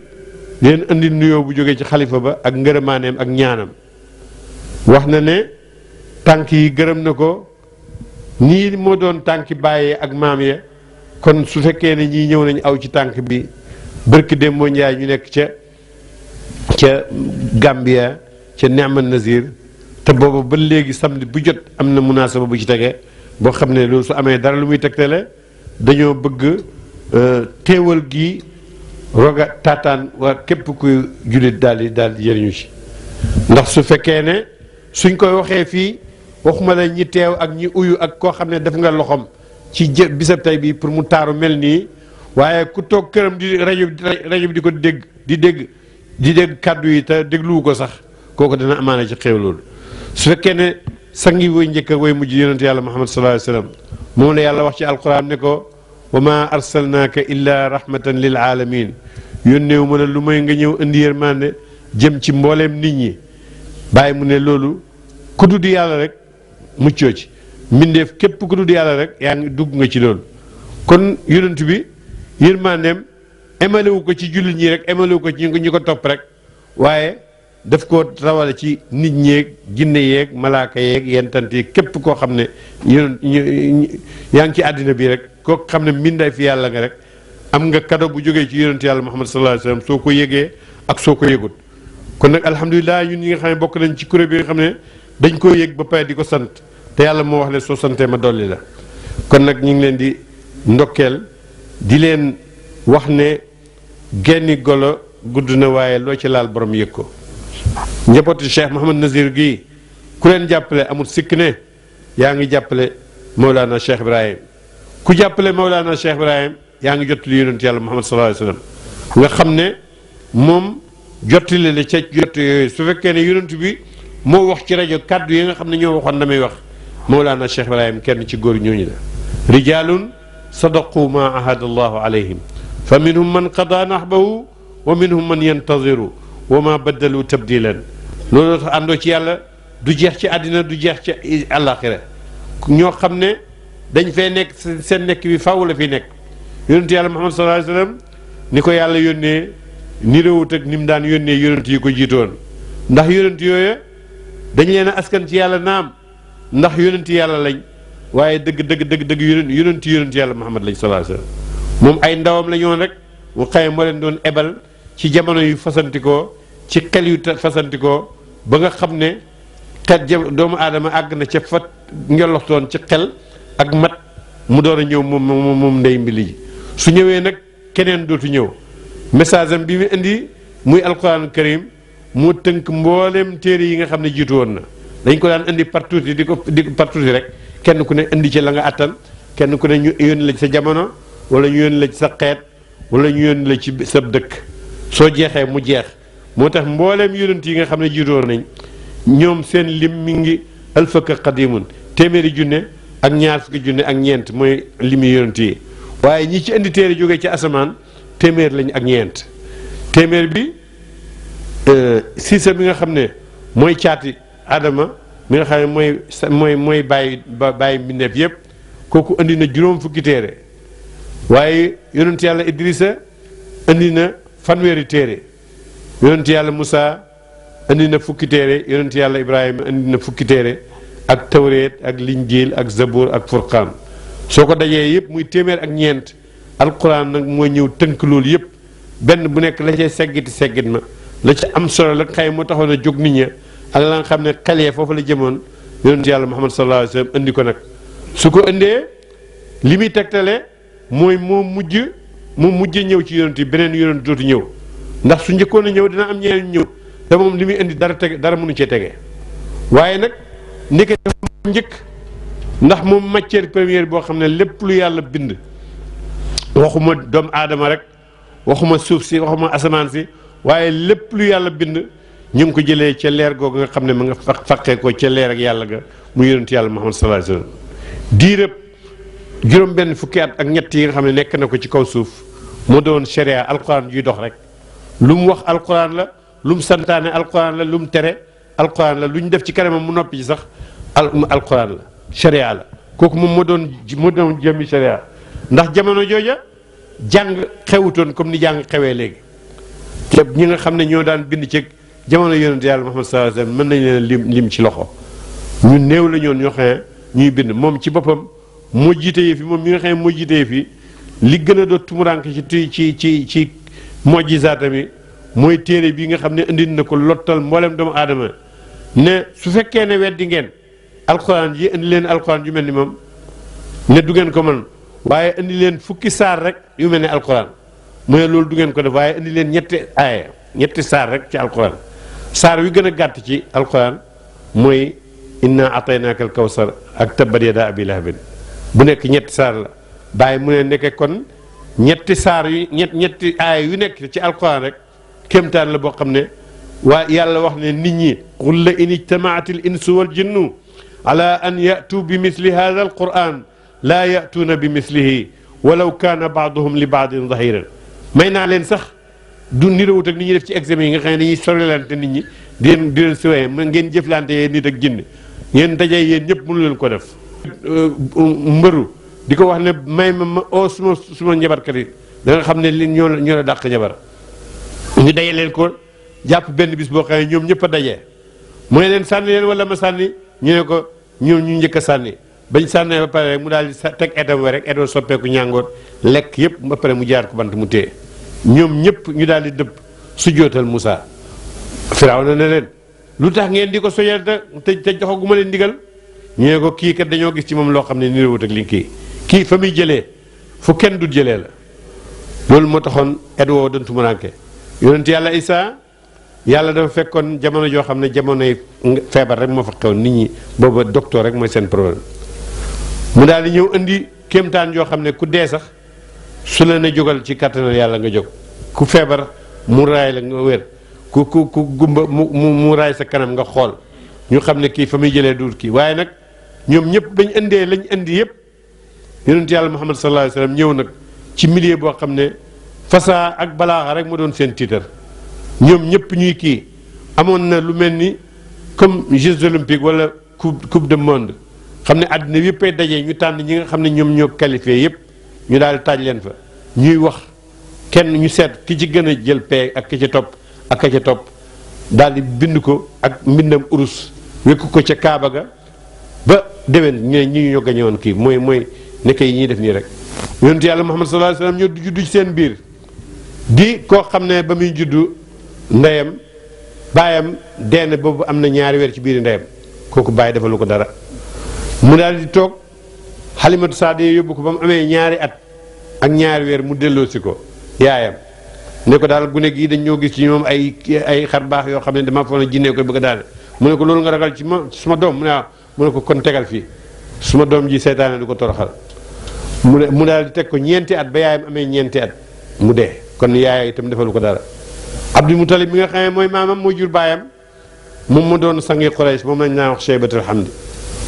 Speaker 7: di leen indi nuyoo bu jógee ci xalifa ba ak ngërëmaaneem ak ñaanam wax na ne tànk yi gërëm na ko nii moo doon tànki bàyyee ak maam ya kon su fekkee ne ñii ñëw nañu aw ci tànk bi bërki dem moo njaay ñu nekk ca ca Gambia ca Neaman Nazir te booba ba léegi samedi bu jot am na munaasaba bu ci tegee boo xam ne loolu su amee dara lu muy tegtale dañoo bëgg euh, teewal gi roga taataan waa képp kuy jullit daal di daal yëriñu ci ndax su fekkee ne suñ koy waxee fii waxuma la ñi teew ak ñi uyu ak koo xam ne def nga loxoom ci jë bisab tey bii pour mu taaru mel nii waaye ku toog këram di rajo rajo bi di ko dégg di dégg di dégg kàddu yi te dégluwu ko sax kooku dina amaana ci xew loolu su fekkee ne sangi woy njëkk woy mujj yonent yàlla muhammad sallallahu alayhi wa sallam moom la yàlla wax ci alquran ne ko wa maa arsalnaaka illaa rahmatan lil aalamin yónneewu ma ne lu may nga ñëw indi yërmande jëm ci mbooleem nit ñi bàyyi mu ne loolu ku tudd yàlla rek muccoo ci mbindeef képp ku tudd yàlla rek yaa ngi dugg nga ci loolu kon yonent bi yërmandeem emalewu ko ci jullit ñi rek emalewu ko ci ñu ko topp rek daf ko rawale ci nit ñeeg ginne yeeg malaaka yeeg yentant yi képp koo xam ne yéen yaa ngi ci àddina bii rek kook xam ne mbinday fi yàlla nga rek am nga kado bu jógee ci yonent yàlla Muhammad sallallahu alayhi wa soo ko yëgee ak soo ko yëgut kon nag alhamdulilah ñun ñi nga xam ne bokk nañ ci kuréel bi nga xam ne dañ koo yéeg ba pare di ko sant te yàlla moo wax ne soo santee ma dolli la kon nag ñu ngi leen di ndokkeel di leen wax ne genni golo gudd na waaye loo ci laal borom yëg ko njabootu Cheikh Mouhamad Nazir gii ku leen jàppale amul sikk ne yaa ngi jàppale Mawlana Cheikh Ibrahim ku jàppale Mawlana Cheikh Ibrahim yaa ngi li yonent yàlla Muhammad sallallahu alayhi wa sallam nga xam ne moom jottali la ca jot su fekkee ne yonent bi moo wax ci rajo kàddu yi nga xam ne ñoo waxoon damay wax Mawlana Cheikh Ibrahim kenn ci góor ñooñu la rijaalun sadaqu ma ahadallahu alayhim fa minhum man qada nahbahu wa minhum man yantaziru wa ma baddalu tabdilan looloo tax àndoo ci yàlla du jeex ci àddina du jeex ci àllaaxira ñoo xam ne dañ fee nekk seen nekk bi faaw la fi nekk yonentu yàlla Muhammad sallallahu alayhi wasallam ni ko yàlla yónnee niroowut ak ni mu daan yónnee yonent yi ko jiitoon ndax yonent yooya dañ leen askan ci yàlla naam ndax yonent yàlla lañ waaye dëgg dëgg dëgg dëgg yonent yonent yàlla Muhammad lañ sallallahu alayhi wasallam moom ay ndawam la ñoon rek mu xëy moo leen doon ebal ci jamono yu fasantikoo ci xel yu fasantikoo ba nga xam ne xet doomu aadama àgg na ca fat toon ci xel ak mat mu door a ñëw moom moom moom ndey mbili ji su ñëwee nag keneen dootu ñëw message am bi mu indi muy alquran karim moo tënk mbooleem téere yi nga xam ne jiitu woon na dañ ko daan indi partout di ko di partout rek kenn ku ne indi ci la nga àttan kenn ku ne ñu yónni la ci sa jamono wala ñu yoon la ci sa xeet wala ñu yónni la ci sa dëkk soo jeexee mu jeex moo tax mbooleem yonent yi nga xam ne jiitoon nañ ñoom seen lim mi ngi alfaka qadimun téeméeri junne ak ñaar fukki junne ak ñeent mooy limi yonent yi waaye ñi ci indi téere jógee ci asamaan téeméer lañ ak ñeent téeméer bi euh, siisa bi nga xam ne mooy caati aadama mi nga xam ne mooy mooy mooy bàyyi bàyyi mbindeef yépp kooku indi na juróom fukki téere waaye yonent yàlla Idrissa indi na fanweeri téere yonent yàlla Moussa indi na fukki téere yonent yàlla Ibrahima indi na fukki téere ak tawreet ak linjiil ak zabur ak furqaan soo ko dajee yëpp muy téeméer ak ñeent alquran nag mooy ñëw tënk loolu yëpp benn bu nekk la cay seggiti seggit ma la ci am solo la xëy taxoon a jóg nit nga xam ne xale foofu la jëmoon yonent yàlla Muhammad sallallahu alayhi wa sallam indi ko nag su ko indee li muy tegtale mooy moo mujj. mu mujj ñëw ci yonent yi beneen yonent dootu ñëw ndax su njëkkoon ñëw dina am ñeneen ñëw te moom li muy indi dara tege dara mënu cee tege waaye nag ndeke njëkk ndax moom matière première boo xam ne lépp lu yàlla bind waxuma doomu aadama rek waxuma suuf si waxuma asamaan si waaye lépp lu yàlla bind ñu ko jëlee ci leer googu nga xam ne mu nga faqee ko ca leer ak yàlla ga mu yonent yàlla Muhammad sallallahu alayhi wasallam juróom benn fukki at ak ñett yi nga xam ne nekk na ko ci kaw suuf mu doon sharia alquran juy dox rek lu mu wax alquran la lu mu santaane alquran la lu mu tere alquran la lu ñu def ci kanamam mu noppi ci sax al alquran la sharia la kooku moom moo doon moo doon jëmmi sharia ndax jamono jooja jàng xewutoon comme ni jàng xewee léegi te ñi nga xam ne ñoo daan bind ci jamono yonente yàlla Muhammad sallallahu alayhi wasallam mën nañ leen lim ci loxo ñu néew la ñoon ñoo xam ñuy bind ci boppam. moo jiite yëf yi moom mi nga xam ne moo jiite yëf yi li gën a doon tumurank ci ci ci ci mojjisaatam yi mooy téere bii nga xam ne indi na ko lottal mboolem doomu aadama ne su fekkee ne weddi ngeen alxuraan yi indi leen alxuraan yu mel ni moom ne du ngeen ko mën waaye indi leen fukki saar rek yu mel ni alxuraan mu ne loolu du ngeen ko def waaye indi leen ñetti aaya ñetti saar rek ci alxuraan saar wi gën a gàtt ci alxuraan mooy inna ataynaaka al kawsar ak tabbat yadaa abi bu nekk ñetti saar la bàyyi mu ne nekk kon ñetti saar ñett ñetti aay yu nekk ci alquran rek kéemtaan la boo xam ne waa yàlla wax ne nit ñi qul la in ijtamaat al insu wal jinnu ala an yatu bi misli hada al quran laa yatuuna bi mislihi walaw kaana baaduhum li baadin zahiran may naa leen sax du niroowut ak ni ñuy def ci examen yi nga xam ne dañuy sorelante nit ñi di leen di leen siwaye ngeen jëflante yéen nit ak jinne ngeen dajee yéen ñëpp mënu leen ko def Euh, um, mbëru di ko wax ne may ma ma oo suma suma njabarkat yi da xam ne li ñoo ñoo la dàq njabar ñu daje leen ko jàpp benn bis boo xam ne ñoom ñëpp a daje mu ne leen sànni wala ma sànni ñu ne ko ñoom ñu njëkk sànni bañ sànnee ba pare mu daal di teg etam rek etam soppeeku ñàngoot lekk yëpp ba pare mu jaar ko bant mu téye ñoom ñëpp ñu daal di dëpp su jootal Moussa firaaw na ne leen lu tax ngeen di ko soñal te te joxaguma leen digal ñu ko kii kat dañoo gis ci moom loo xam ne niroowut ak li kii kii fa muy jëlee fu kenn du jëlee la loolu moo taxoon ed woow doon tumuraanke yonent yàlla isaa yàlla dafa fekkoon jamono joo xam ne jamonoy feebar rek moo fa xew nit ñi booba docteur rek mooy seen problème mu daal di ñëw indi kéemtaan yoo xam ne ku dee sax su la ne jógal ci kattanal yàlla nga jóg ku feebar mu raay la nga wér ku ku ku gumba mu mu raay sa kanam nga xool ñu xam ne kii fa muy jëlee duur kii ñoom ñëpp bañ indee lañ indi yëpp yonent yàlla muhammad sallallahu alayhi wa ñëw nag ci milieu boo xam ne fasaa ak balaaxa rek mu doon seen tiitar ñoom ñëpp ñuy kii amoon na lu mel ni comme jeux olympiques wala coupe coupe de monde xam ne àddina yëpp ay daje ñu tànn ñi nga xam ne ñoom ñoo qualifié yëpp ñu daal taaj leen fa ñuy wax kenn ñu seet ki ci gën a jël pee ak ki topp ak ki topp daal di bind ko ak mbindam urus wékk ko ca Kaaba ga ba déwén ñu ñi ñoo gañe kii mooy mooy nekk yi ñuy def nii rek yonent yàlla Muhammad sallallahu alayhi wasallam ñoo juddu ci seen biir di koo xam ne ba muy juddu ndeyam baayam deen boobu am na ñaari weer ci biir ndeyam kooku bàyyi defalu ko dara mu daal di toog xalimatu Saadiya yóbbu ko ba mu amee ñaari at ak ñaari weer mu delloosi ko yaayam ne ko daal gune gii dañ ñoo gis ci moom ay ay xar baax yoo xam ne dama foog ne jinne koy mu ne ko loolu nga ragal ma mu ne ko kon tegal fii su ma doom ji seytaanee du ko toroxal mu ne mu daal di teg ko ñeenti at ba yaayam amee ñeenti at mu dee kon yaay itam defalu ko dara Abdul Mutalib mi nga xamee mooy maamam mooy jur baayam moom mu doon sangi Quraysh moom lañ naa wax Shaybatul Hamd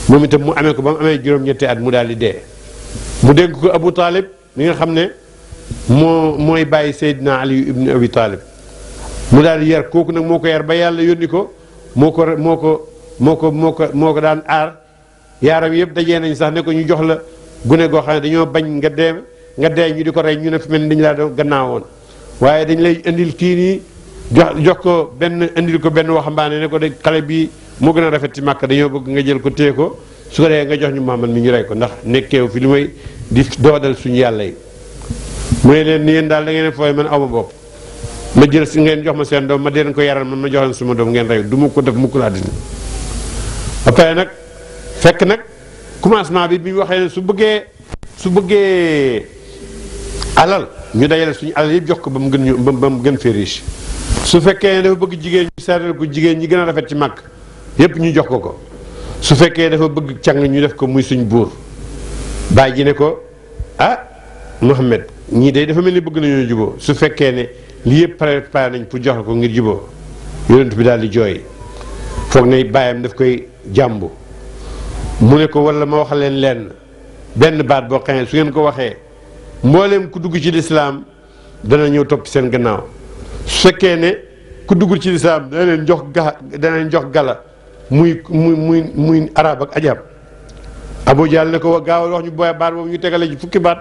Speaker 7: moom itam mu amee ko ba mu amee juróom at mu daal di dee mu dégg ko Abu Talib mi nga xam ne moo mooy bàyyi Seydina Ali ibn Abi Talib mu daal di yar kooku nag moo ko yar ba yàlla yónni ko moo ko moo ko. moo ko moo ko moo ko daan aar yaaram yëpp dajee nañ sax ne ko ñu jox la gune goo xam ne dañoo bañ nga dee nga dee ñu di ko rey ñu ne fi mel ni dañu laa doon gannaawoon waaye dañ lay indil kii nii jox jox ko benn indil ko benn waxambaane ne ko de xale bi moo gën a rafet ci màkk dañoo bëgg nga jël ko téye ko su ko nga jox ñu Muhammad mi ñu rey ko ndax nekkeew fi li may di doodal suñu yàlla yi mu ne leen ni yéen daal da ngeen fooy man aw ma bopp ma jël si ngeen jox ma seen doom ma deen ko yaral man ma jox leen suma doom ngeen rey du ma ko def mukk laa dina pare nag fekk nag commencement bi bi waxee ne su bëggee su bëggee alal ñu dajale suñu alal yëpp jox ko ba mu gën ñu ba mu gën fee su fekkee ne dafa bëgg jigéen ñu seetal ko jigéen ñi gën a rafet ci mag yëpp ñu jox ko ko su fekkee dafa bëgg càng ñu def ko muy suñ buur bàyyi ji ne ko ah Mohamed ñii de dafa mel ni bëgg nañoo juboo su fekkee ne lii yëpp préparé nañ pour jox ko ngir juboo yonent bi daal di jooy foog ne baayam daf koy jàmbu mu ne ko walla ma wax leen lenn benn baat boo xamee su ngeen ko waxee mbooleem ku dugg ci lislaam dana ñëw topp seen gannaaw su fekkee ne ku dugg ci lislaam dana leen jox ga dana leen muy muy muy ak ajab Abu Jahl ko gaawal wax ñu booy baat boobu ñu tegale ci fukki baat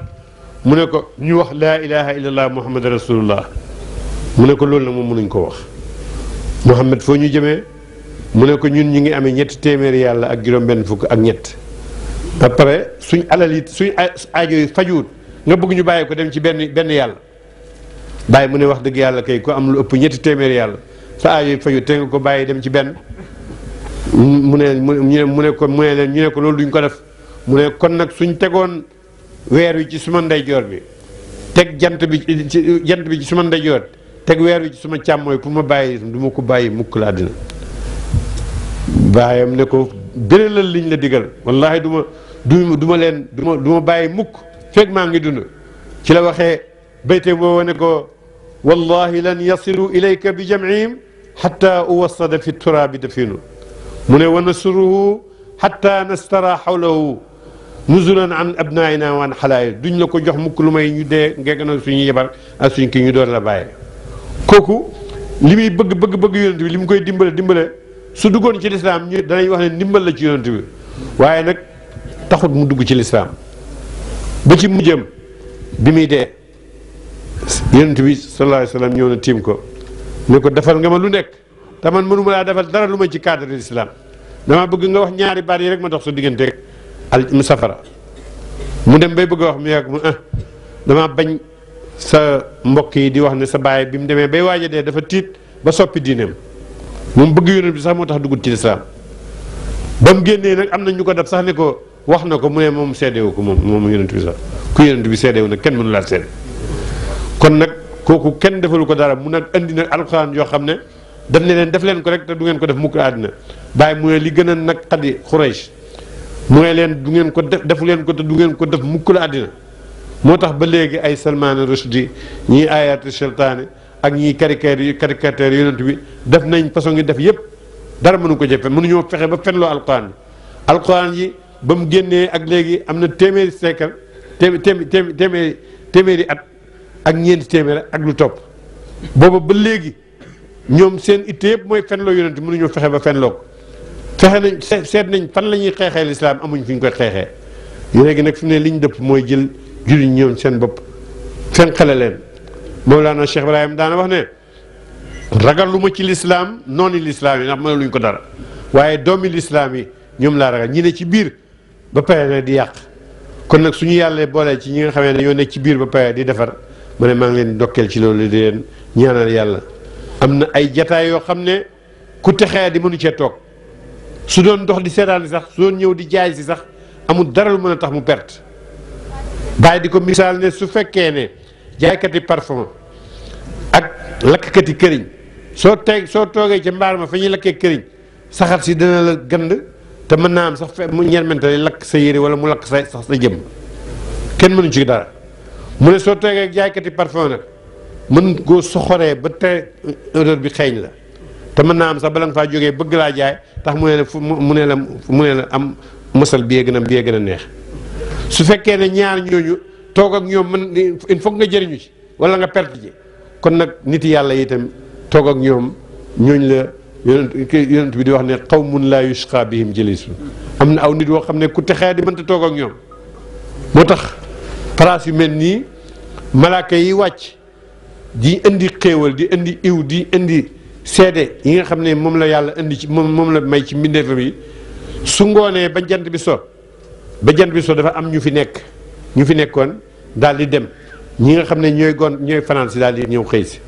Speaker 7: mu ne ko ñu wax laa ilaha illallah muhammad rasulullah mu ne ko loolu nag moom mënuñ ko wax muhammad foo ñu jëmee mu ne ko ñun ñu ngi amee ñetti téeméeri yàlla ak juróom-benn fukk ak ñett après suñ alal it suñ aajo yi fajuwut nga bëgg ñu bàyyi ko dem ci benn benn yàlla bàyyi mu ne wax dëgg yàlla kay ku am lu ëpp ñetti téeméeri yàlla sa aajo yi fajuwut te nga ko bàyyi dem ci benn mu ne mu ne ko mu ne leen ñu ne ko loolu duñ ko def mu ne kon nag suñ tegoon weer wi ci suma ndeyjoor bi teg jant bi ci jant bi ci suma ndeyjoor teg weer wi ci suma càmmooy pour ma bàyyi du ma ko bàyyi mukk la baayam ne ko la liñ la digal wallaahi du ma du ma leen duma ma du bàyyi mukk fekk maa ngi dund ci la waxee bayte boobu ne ko wallahi lan yasilu ilayka bi jamcihim xatta uwassada fi turaabi dafinu mu ne wa nasuruhu xatta nastara xawlahu nuzulan an naa wan xalaayil duñ la ko jox mukk lu may ñu dee ngegg na suñu yebar ak suñ ki ñu door la bàyyi kooku li muy bëgg bëgg bëgg yonent bi li mu koy dimbale dimbale su duggoon ci lislaam ñu danañ wax ne ndimbal la ci yonent bi waaye nag taxut mu dugg ci lislaam ba ci mujjam bi muy dee yonent bi sallallahu alayhi wa sallam ñëw na tiim ko ne ko defal nga ma lu nekk te man mënuma laa defal dara lu ma ci cadre lislaam dama bëgg nga wax ñaari baat yi ma dox sa diggante al mu safara mu dem bay bëgg a wax mu yàgg mu ah dama bañ sa mbokk yi di wax ne sa baay bi mu demee bay waaj a dee dafa tiit ba soppi diineem moom bëgg yonent bi sax moo tax duggut ci lislaam ba mu génnee nag am na ñu ko dab sax ne ko wax na ko mu ne moom seedewu ko moom moom yonent bi sax ku yonent bi seedewu nag kenn mënu laa seede kon nag kooku kenn defalu ko dara mu nag indi nag alxuraan yoo xam ne daf ne leen def leen ko rek te du ngeen ko def mukk àddina bàyyi mu li gën nag xadi xuraysh mu leen du ngeen ko def defu leen ko te du ngeen ko def mukk la àddina moo tax ba léegi ay salmaan rushdi ñii ayaatu seytaane ak ñiy caricature caricature yonent bi def nañ façon ngi def yépp dara mënu ko jëfe mënuñoo fexe ba fenloo alquran bi yi ba mu génnee ak léegi am na téeméeri seekal téemé téeméeri téeméeri at ak ñeenti téeméer ak lu topp booba ba léegi ñoom seen itte yëpp mooy fenloo yonent mënuñoo fexe ba fenloo ko fexe nañ seet nañ fan la ñuy xeexee lislaam amuñ fi ñu koy xeexee léegi nag fi mu ne li dëpp mooy jël juriñ ñoom seen bopp fen xale leen Mawlana Cheikh Ibrahim daana wax ne ragaluma ci lislaam noonu lislaam yi ndax luñ ko dara waaye doomi lislaam yi ñoom laa ragal ñi ne ci biir ba pare nag di yàq kon nag suñu yàlla boolee ci ñi nga xamee ne ñoo nekk ci biir ba pare di defar ma ne maa leen dokkeel ci loolu di leen ñaanal yàlla am na ay jataay yoo xam ne ku texee di mënu cee toog su doon dox di seetaan sax su doon ñëw di jaay si sax amul dara lu mën a tax mu perte bàyyi di ko misaal ne su fekkee ne jaaykati parfum ak lakkati këriñ soo teg soo toogee ci mbaar ma fa ñuy lakkee këriñ saxat si dina la gënd te mën naa am sax fe mu ñermente li lakk sa yére wala mu lakk sa sax sa jëm kenn mënu ci dara mu ne soo toogee jaaykati parfum nag mën koo soxoree ba te odeur bi xeeñ la te mën naa am sax bala nga faa jógee bëgg laa jaay tax mu ne la fu mu ne la mu ne la am mosal biyee gën a gën a neex su fekkee ne ñaar ñooñu toog ak ñoom mën il faut nga jëriñu ci wala nga perte ji kon nag nit yàlla itam toog ak ñoom ñooñ la yonent bi di wax ne qawmun laa yushqa bihim jalisun am na aw nit woo xam ne ku texee di mënta toog ak ñoom moo tax place yu mel nii malaaka yi wàcc di indi xéewal di indi iw di indi seede yi nga xam ne moom la yàlla indi ci moom moom la may ci mbindeefam yi su ngoonee ba jant bi so ba jant bi so dafa am ñu fi nekk ñu fi nekkoon daal di dem ñi nga xam ne ñooy gon ñooy fanaan si daal di ñëw xëy si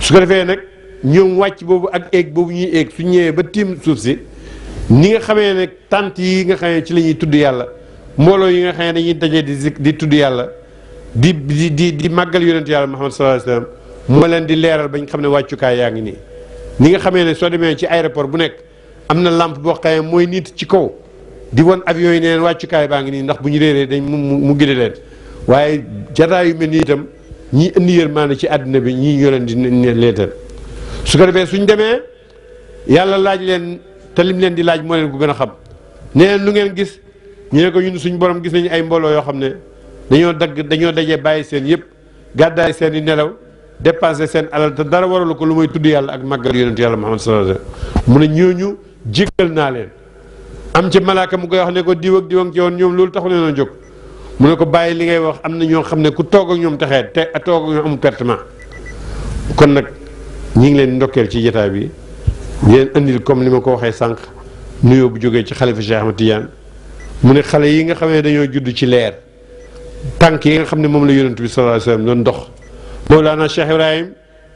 Speaker 7: su ko defee nag ñoom wàcc boobu ak éeg boobu ñuy éeg su ñëwee ba tiim suuf si ni nga xamee ne tànt yi nga xamee ci la ñuy tudd yàlla mbooloo yi nga xamee dañuy dajee di di tudd yàlla di di di màggal yonent yàlla Muhammad sallallahu alayhi wasallam moo leen di leeral ba ñu xam ne wàccukaay yaa ngi nii ni nga xamee ne soo demee ci aéroport bu nekk am na lampe boo xamee mooy nit ci kaw di wan avion yi nee leen wàccukaay baa ngi nii ndax bu ñu réeree dañ mu mu gide leen waaye jataay yu mel ni itam ñi indi yërmaande ci àdduna bi ñii ñoo leen di leetal su ko defee suñ demee yàlla laaj leen te lim leen di laaj moo leen ko gën a xam ne leen lu ngeen gis ñu ne ko ñun suñ borom gis nañu ay mbooloo yoo xam ne dañoo dagg dañoo dajee bàyyi seen yëpp gàddaay seen i nelaw dépensé seen alal te dara waralu ko lu may tudd yàlla ak màggal yonentu yàlla Muhammad sallallahu alayhi wa sallam mu ne ñooñu jéggal naa leen am ca malaaka mu koy wax ne ko diw ak diw ak ci woon ñoom loolu taxu leen a jóg mu ne ko bàyyi li ngay wax am na ñoo xam ne ku toog ak ñoom taxee te toog ak ñoom amul pertement kon nag ñi ngi leen ndokkeel ci jotaay bi leen indil comme li ma ko waxee sànq nuyoo bu jógee ci xalifa Cheikh Ahmed Tidiane mu ne xale yi nga xam ne dañoo judd ci leer tànk yi nga xam ne moom la yonent bi sallallahu alayhi wasallam doon dox Mawlana Cheikh Ibrahim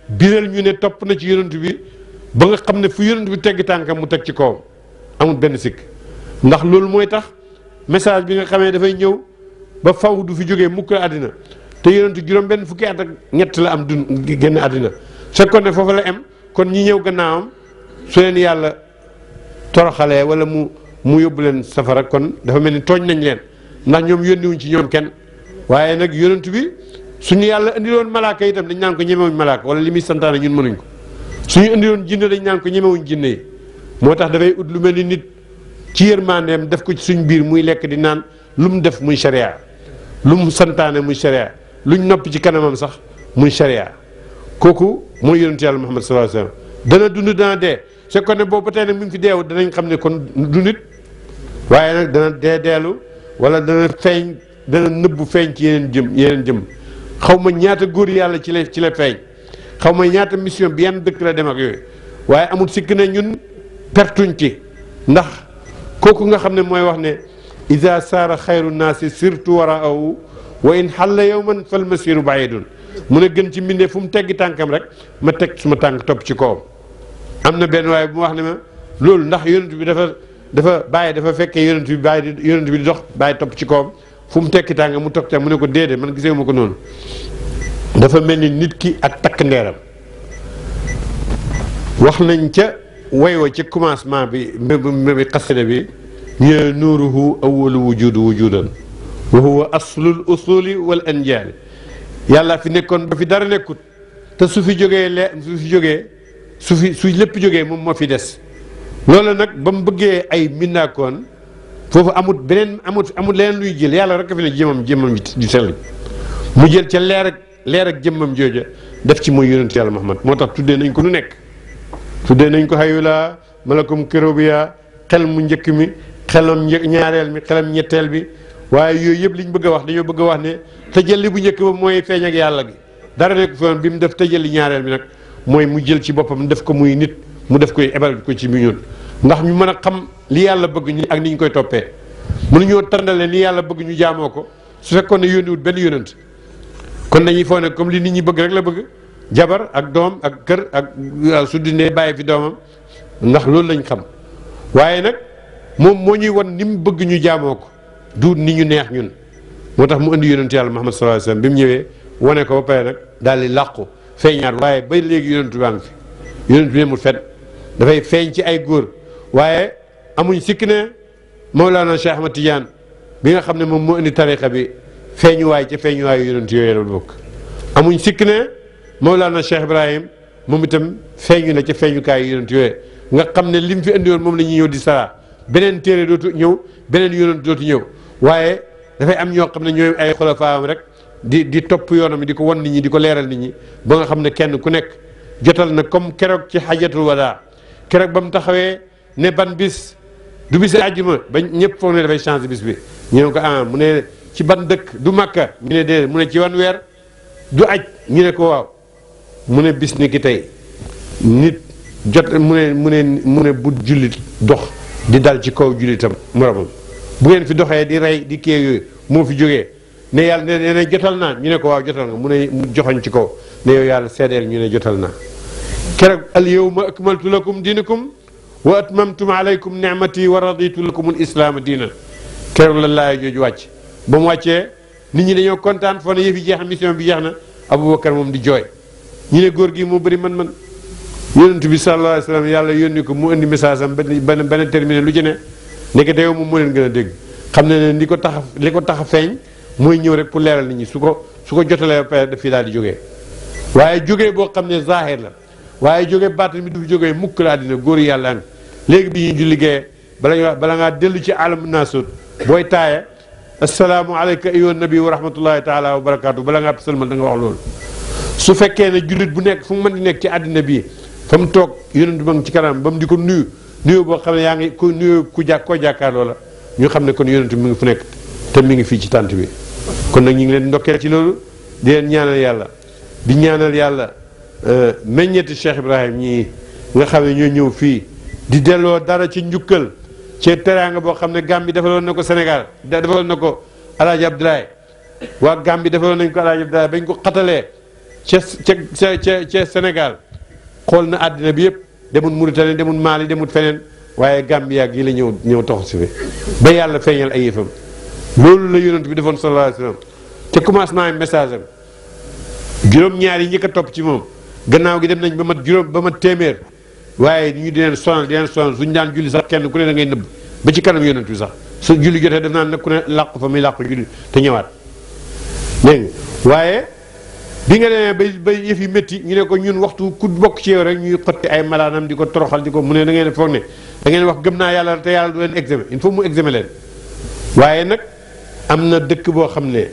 Speaker 7: biral ñu ne topp na ci yonent bi ba nga xam ne fu yonent bi tegg tànkam mu teg ci kawam amul benn sikk ndax loolu mooy tax message bi nga xamee dafay ñëw ba faw du fi jógee mukk la àddina te yonentu juróom benn fukki at ak ñett la am dun génn àddina kon ne foofu la am kon ñi ñëw gannaawam su leen yàlla toroxalee wala mu mu yóbbu leen safara kon dafa mel ni tooñ nañ leen ndax ñoom yónniwuñ ci ñoom kenn waaye nag yonent bi suñu yàlla indi indiloon malaaka itam dañ naan ko ñemewuñ malaaka wala li muy santaane ñun mënuñ ko suñu indiloon jinne dañ naan ko ñemewuñ jinne moo tax dafay ut lu mel ni nit ci yërmandeem def ko ci suñ biir muy lekk di naan lu mu def muy sharia lu mu santaane muy sharia luñ nopp ci kanamam sax muy sharia kooku mooy yonentu yàlla Muhammad sallallahu alayhi wasallam dund dana dee su ko ne mu ngi fi deewu danañ xam ne kon du waaye nag dana dee deelu wala dana feeñ dana nëbbu feeñ ci yeneen jëm yeneen jëm xaw ma ñaata góor yàlla ci la ci la feeñ xaw ma ñaata mission bi yan dëkk la dem ak yooyu waaye amul sikk ne ñun pertuñ ci ndax kooku nga xam ne mooy wax ne ida saara xayru naasi sirtu waraahu wa in xalla yowman fal masiru baidun mu ne gën ci mbindee fu mu teggi tànkam rek ma teg suma tànk topp ci kawam am na benn waaye bu wax ne ma loolu ndax yonent bi dafa dafa bàyyi dafa fekkee yonent bi bàyyi di yonent bi di dox ci kawam fu mu tekki tànk mu toog ca mu ne ko déedéet man gisee ma ko noonu dafa mel ni nit ki ak takk ndeeram wax nañ ca way ci commencement bi bi xasida bi ñu ne nuuruhu awalu wujudu wujudan wa huwa aslul usuli wal anjaali yàlla fi nekkoon ba fi dara nekkut te su fi jógee le su fi jógee su fi su lépp jógee moom moo fi des loolu nag ba mu bëggee ay mindaakoon foofu amut beneen amut amut leneen luy jël yàlla rek fi la jëmam jëmam ji sell mu jël ca leer ak leer ak jëmmam joojo def ci mooy yonent yàlla Muhammad moo tax tuddee nañ ko nu nekk tuddee nañ ko ma la xayula malakum kirubiya xel mu njëkk mi xelam ñaareel mi xelam ñetteel bi waaye yooyu yëpp ñu bëgg a wax dañoo bëgg a wax ne tëjalli bu njëkk ba mooy feeñ ak yàlla bi dara nekk fi bi mu def tëjalli ñaareel bi nag mooy mu jël ci boppam def ko muy nit mu def koy ebal ko ci mu ñun ndax ñu mën a xam li yàlla bëgg ñu ak ni ñu koy toppee mënuñoo tàndale ni yàlla bëgg ñu jaamoo ko su fekkoon ne yónniwut benn yónant kon dañuy foog ne comme li nit ñi bëgg la bëgg jabar ak doom ak kër ak euh, su dindee bàyyi fi doomam ndax loolu lañ xam waaye nag moom moo ñuy won ni mu bëgg ñu jaamoo ko du ni ñu neex ñun moo tax mu indi yonentu yàlla Muhammad sallallahu alayhi wasallam bi mu ñëwee wane ko ba pare daal di làqu feeñaat waaye ba léegi yonentu baa fi yonentu mu fet dafay feeñ ci ay góor waaye amuñ sikk ne Mawlana Cheikh ma Tidiane bi nga xam ne moom moo indi tariqa bi feeñuwaay ca feeñuwaayu yonent yooyu la bokk amuñ sikk ne na Cheikh Ibrahim moom itam feeñu na ci feeñukaay yi yonent yooyu nga xam ne lim fi indi woon moom la ñuy ñëw di sara beneen téere dootu ñëw beneen yonent dootu ñëw waaye dafay am ñoo xam ne ñooy ay xulafaam rek di di topp yoonam di ko wan nit ñi di ko leeral nit ñi ba nga xam ne kenn ku nekk jotal na comme keroog ci xajatul wadaa keroog ba mu taxawee ne ban bis du bis àjjuma ba ñëpp foog ne dafay changé bis bi ñu ko ah mu ne ci ban dëkk du màkka ñu ne déedéet mu ne weer du aj ñu ne ko waaw mu ne bis ki tey nit jot mu ne mu ne mu ne bu jullit dox di dal ci kaw jullitam moromam bu ngeen fi doxee di rey di kii yooyu moo fi jógee ne yàlla ne ne jotal naa ñu ne ko waaw jotal nga mu ne joxoñ ci kaw ne yow yàlla seedeel ñu ne jotal naa keroog al yawma akmaltu lakum diinakum wa atmamtum alaykum ni'mati wa raditu lakum al islaama diina keroog la laay jooju wàcc ba mu wàccee nit ñi dañoo kontaan foo ne yëf yi jeex na mission bi jeex na Aboubacar moom di jooy ñu góor gi moo bëri man-man yonent bi sallallahu alayhi wa sallam yàlla yónni ko mu indi message am benn benn terminé lu ci ne nekk te yow moom moo leen gën a dégg xam ne ne li ko tax li ko tax a feeñ mooy ñëw rek pour leeral nit ñi su ko su ko jotalee la pare daf fii daal di jógee waaye jóge boo xam ne zaahir la waaye jógee baatin mi du fi jógee mukk la àddina góor yàlla am léegi bi ñuy liggéeyee bala nga bala ngaa dellu ci alamu naasut booy taaye asalaamu aleyka ayyuhan nabi wa rahmatullahi taala wa barakaatu bala ngaa sëlmal da nga wax loolu su fekkee ne jullit bu nekk fu mu mën di nekk ci àddina bi fa mu toog yonent ba ngi ci kanam ba mu di ko nuyu nuyu boo xam ne yaa ngi ko nuyu ku jàkk koo jàkkaarloo la ñu xam ne kon yonent mi ngi fu nekk te mu ngi fii ci tànt bi kon nag ñu ngi leen ndokkeel ci loolu di leen ñaanal yàlla di ñaanal yàlla euh, meññeeti Cheikh Ibrahim ñii nga xam ne ñoo ñëw fii di delloo dara ci njukkal ci teraanga boo xam ne Gambie defaloon na ko Sénégal defaloon na ko El Hadj Abdoulaye waa Gambie defaloon nañ ko El Hadj Abdoulaye bañ ko xatalee. ca ca ca ca Sénégal xool na àddina bi yëpp demul Mauritanie demul Mali demul feneen waaye Gambie ak yi la ñëw ñëw taxu si fi ba yàlla feeñal ay yëfam loolu la yonent bi defoon sallallahu alayhi wa commencement message am juróom-ñaar yi ñi topp ci moom gannaaw gi dem nañ ba mat juróom ba mat téeméer waaye ñu di leen sonal di leen sonal suñu daan julli sax kenn ku ne da ngay nëbb ba ci kanam yonent bi sax su julli jotee def naa ne ku ne làqu fa muy làqu julli te ñëwaat bi nga demee bay bay yëf yi métti ñu ne ko ñun waxtu ku bokk ci yow rek ñuy xotti ay malaanam di ko toroxal di ko mu ne da ngeen foog ne da ngeen wax gëm naa yàlla te yàlla du leen examen il faut mu examen leen waaye nag am na dëkk boo xam ne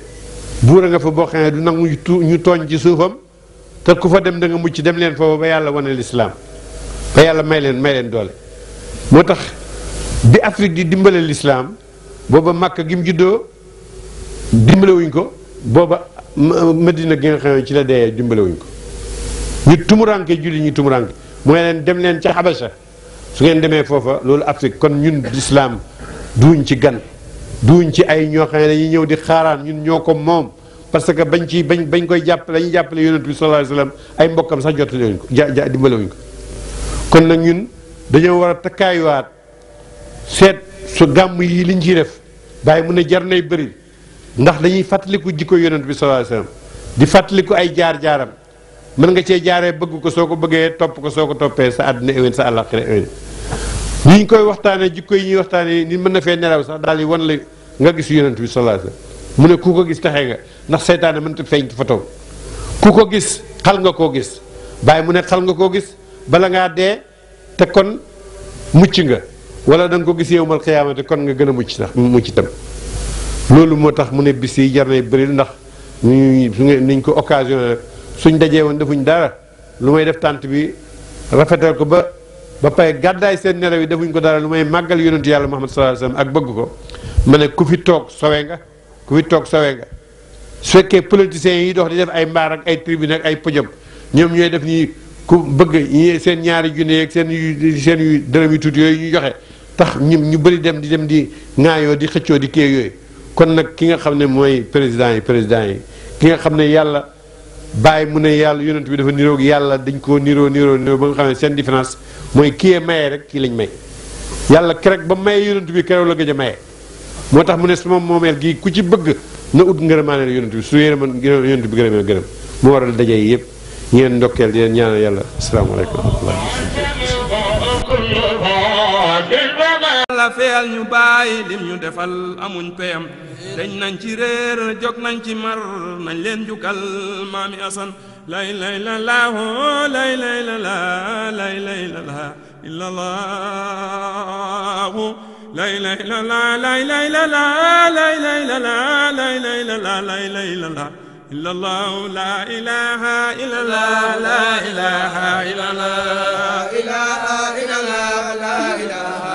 Speaker 7: buur a nga fa boo xam ne du nangu ñu tooñ ci suufam te ku fa dem da nga mucc dem leen foofu ba yàlla wane lislaam ba yàlla may leen may leen doole moo tax bi Afrique di dimbale lislaam booba màkk gim mu juddoo dimbalewuñ ko Medina gi nga xam ne ci la dee dimbalewuñ ko ñu tumuranke julli ñu tumuranke mooy leen dem leen ca Xabasa su ngeen demee foofa loolu Afrique kon ñun lislaam duuñ ci gan duuñ ci ay ñoo xam ne dañuy ñëw di xaaraan ñun ñoo ko moom parce que bañ ci bañ bañ koy jàppale dañuy jàppale yonent bi sallallahu alayhi wasallam ay mbokkam sax jottalewuñ ko ja ja dimbalewuñ ko kon nag ñun dañoo war a takkaayuwaat seet su gàmm yi liñ ciy def bàyyi mun ne jar nay bëri ndax dañuy fàttaliku jikko yonent bi sallallahu alayhi wasallam di fàttaliku ay jaar-jaaram mën nga cee jaaree bëgg ko soo ko bëggee topp ko soo ko toppee sa àddina éwén sa àllaaxira éwén ni ñu koy waxtaanee jikko yi ñuy waxtaanee nit mën na fee nelaw sax daal yi wan la nga gis yonent bi sallallahu alayhi mu ne ku ko gis taxee nga ndax seytaane mënta feeñ ci fotoom ku ko gis xal nga koo gis bàyyi mu ne xal nga koo gis bala ngaa dee te kon mucc nga wala da ko gis yowmal xiyaamate kon nga gën mucc sax mucc itam loolu moo tax mu ne bis yi jar nay bëri ndax ñu su ngeen niñ ko occasion rek suñ dajee woon defuñ dara lu may def tànt bi rafetal ko ba ba pare gàddaay seen nelaw yi defuñ ko dara lu may màggal yonentu yàlla Muhammad sallallahu alayhi wasallam ak bëgg ko ma ne ku fi toog sowe nga ku fi toog sowe nga su fekkee politiciens yi dox di def ay mbaar ak ay tribune ak ay pëjëm ñoom ñooy def nii ku bëgg ñu seen ñaari junne yeeg seen seen yu dërëm yu tuuti yooyu ñu joxe tax ñu ñu bëri dem di dem di ŋaayoo di xëccoo di kii yooyu kon nag ki nga xam ne mooy président yi président yi ki nga xam ne yàlla bàyyi mu ne yàlla yonent bi dafa niroog yàlla dañ koo niroo niroo niroo ba nga xam ne seen différence mooy kii maye rek kii lañ may yàlla kerek ba maye yonent bi keroog la gëj a maye moo tax mu ne suma moomeel gii ku ci bëgg na ut ngërëmaaneel yonent bi su yërëman yonent bi gërëmee gërëm moo waral daje yëpp ngeen ndokkeel di leen ñaanal yàlla asalaamaaleykum wa
Speaker 2: rahmatulah
Speaker 1: feyal ñu bàyyi lim ñu defal amuñ peyam dañ nañ ci réer jóg nañ ci mar nañ leen njukkal maami asan lay lay la laahu lay lay la laa lay lay la laa illa laahu lay lay la laa lay lay la laa lay lay la laa lay lay la laa lay lay la laa illa laahu laa ilaaha illa laa laa ilaaha illa laa ilaaha illa laa laa ilaaha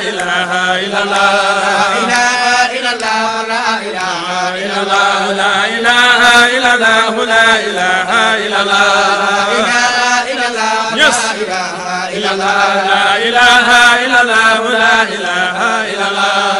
Speaker 1: إله إلا الله لا إله إلا الله لا إله إلا الله لا إله إلا الله لا إله إلا الله Yes. La ilaha illallah, la ilaha illallah, la ilaha
Speaker 2: illallah.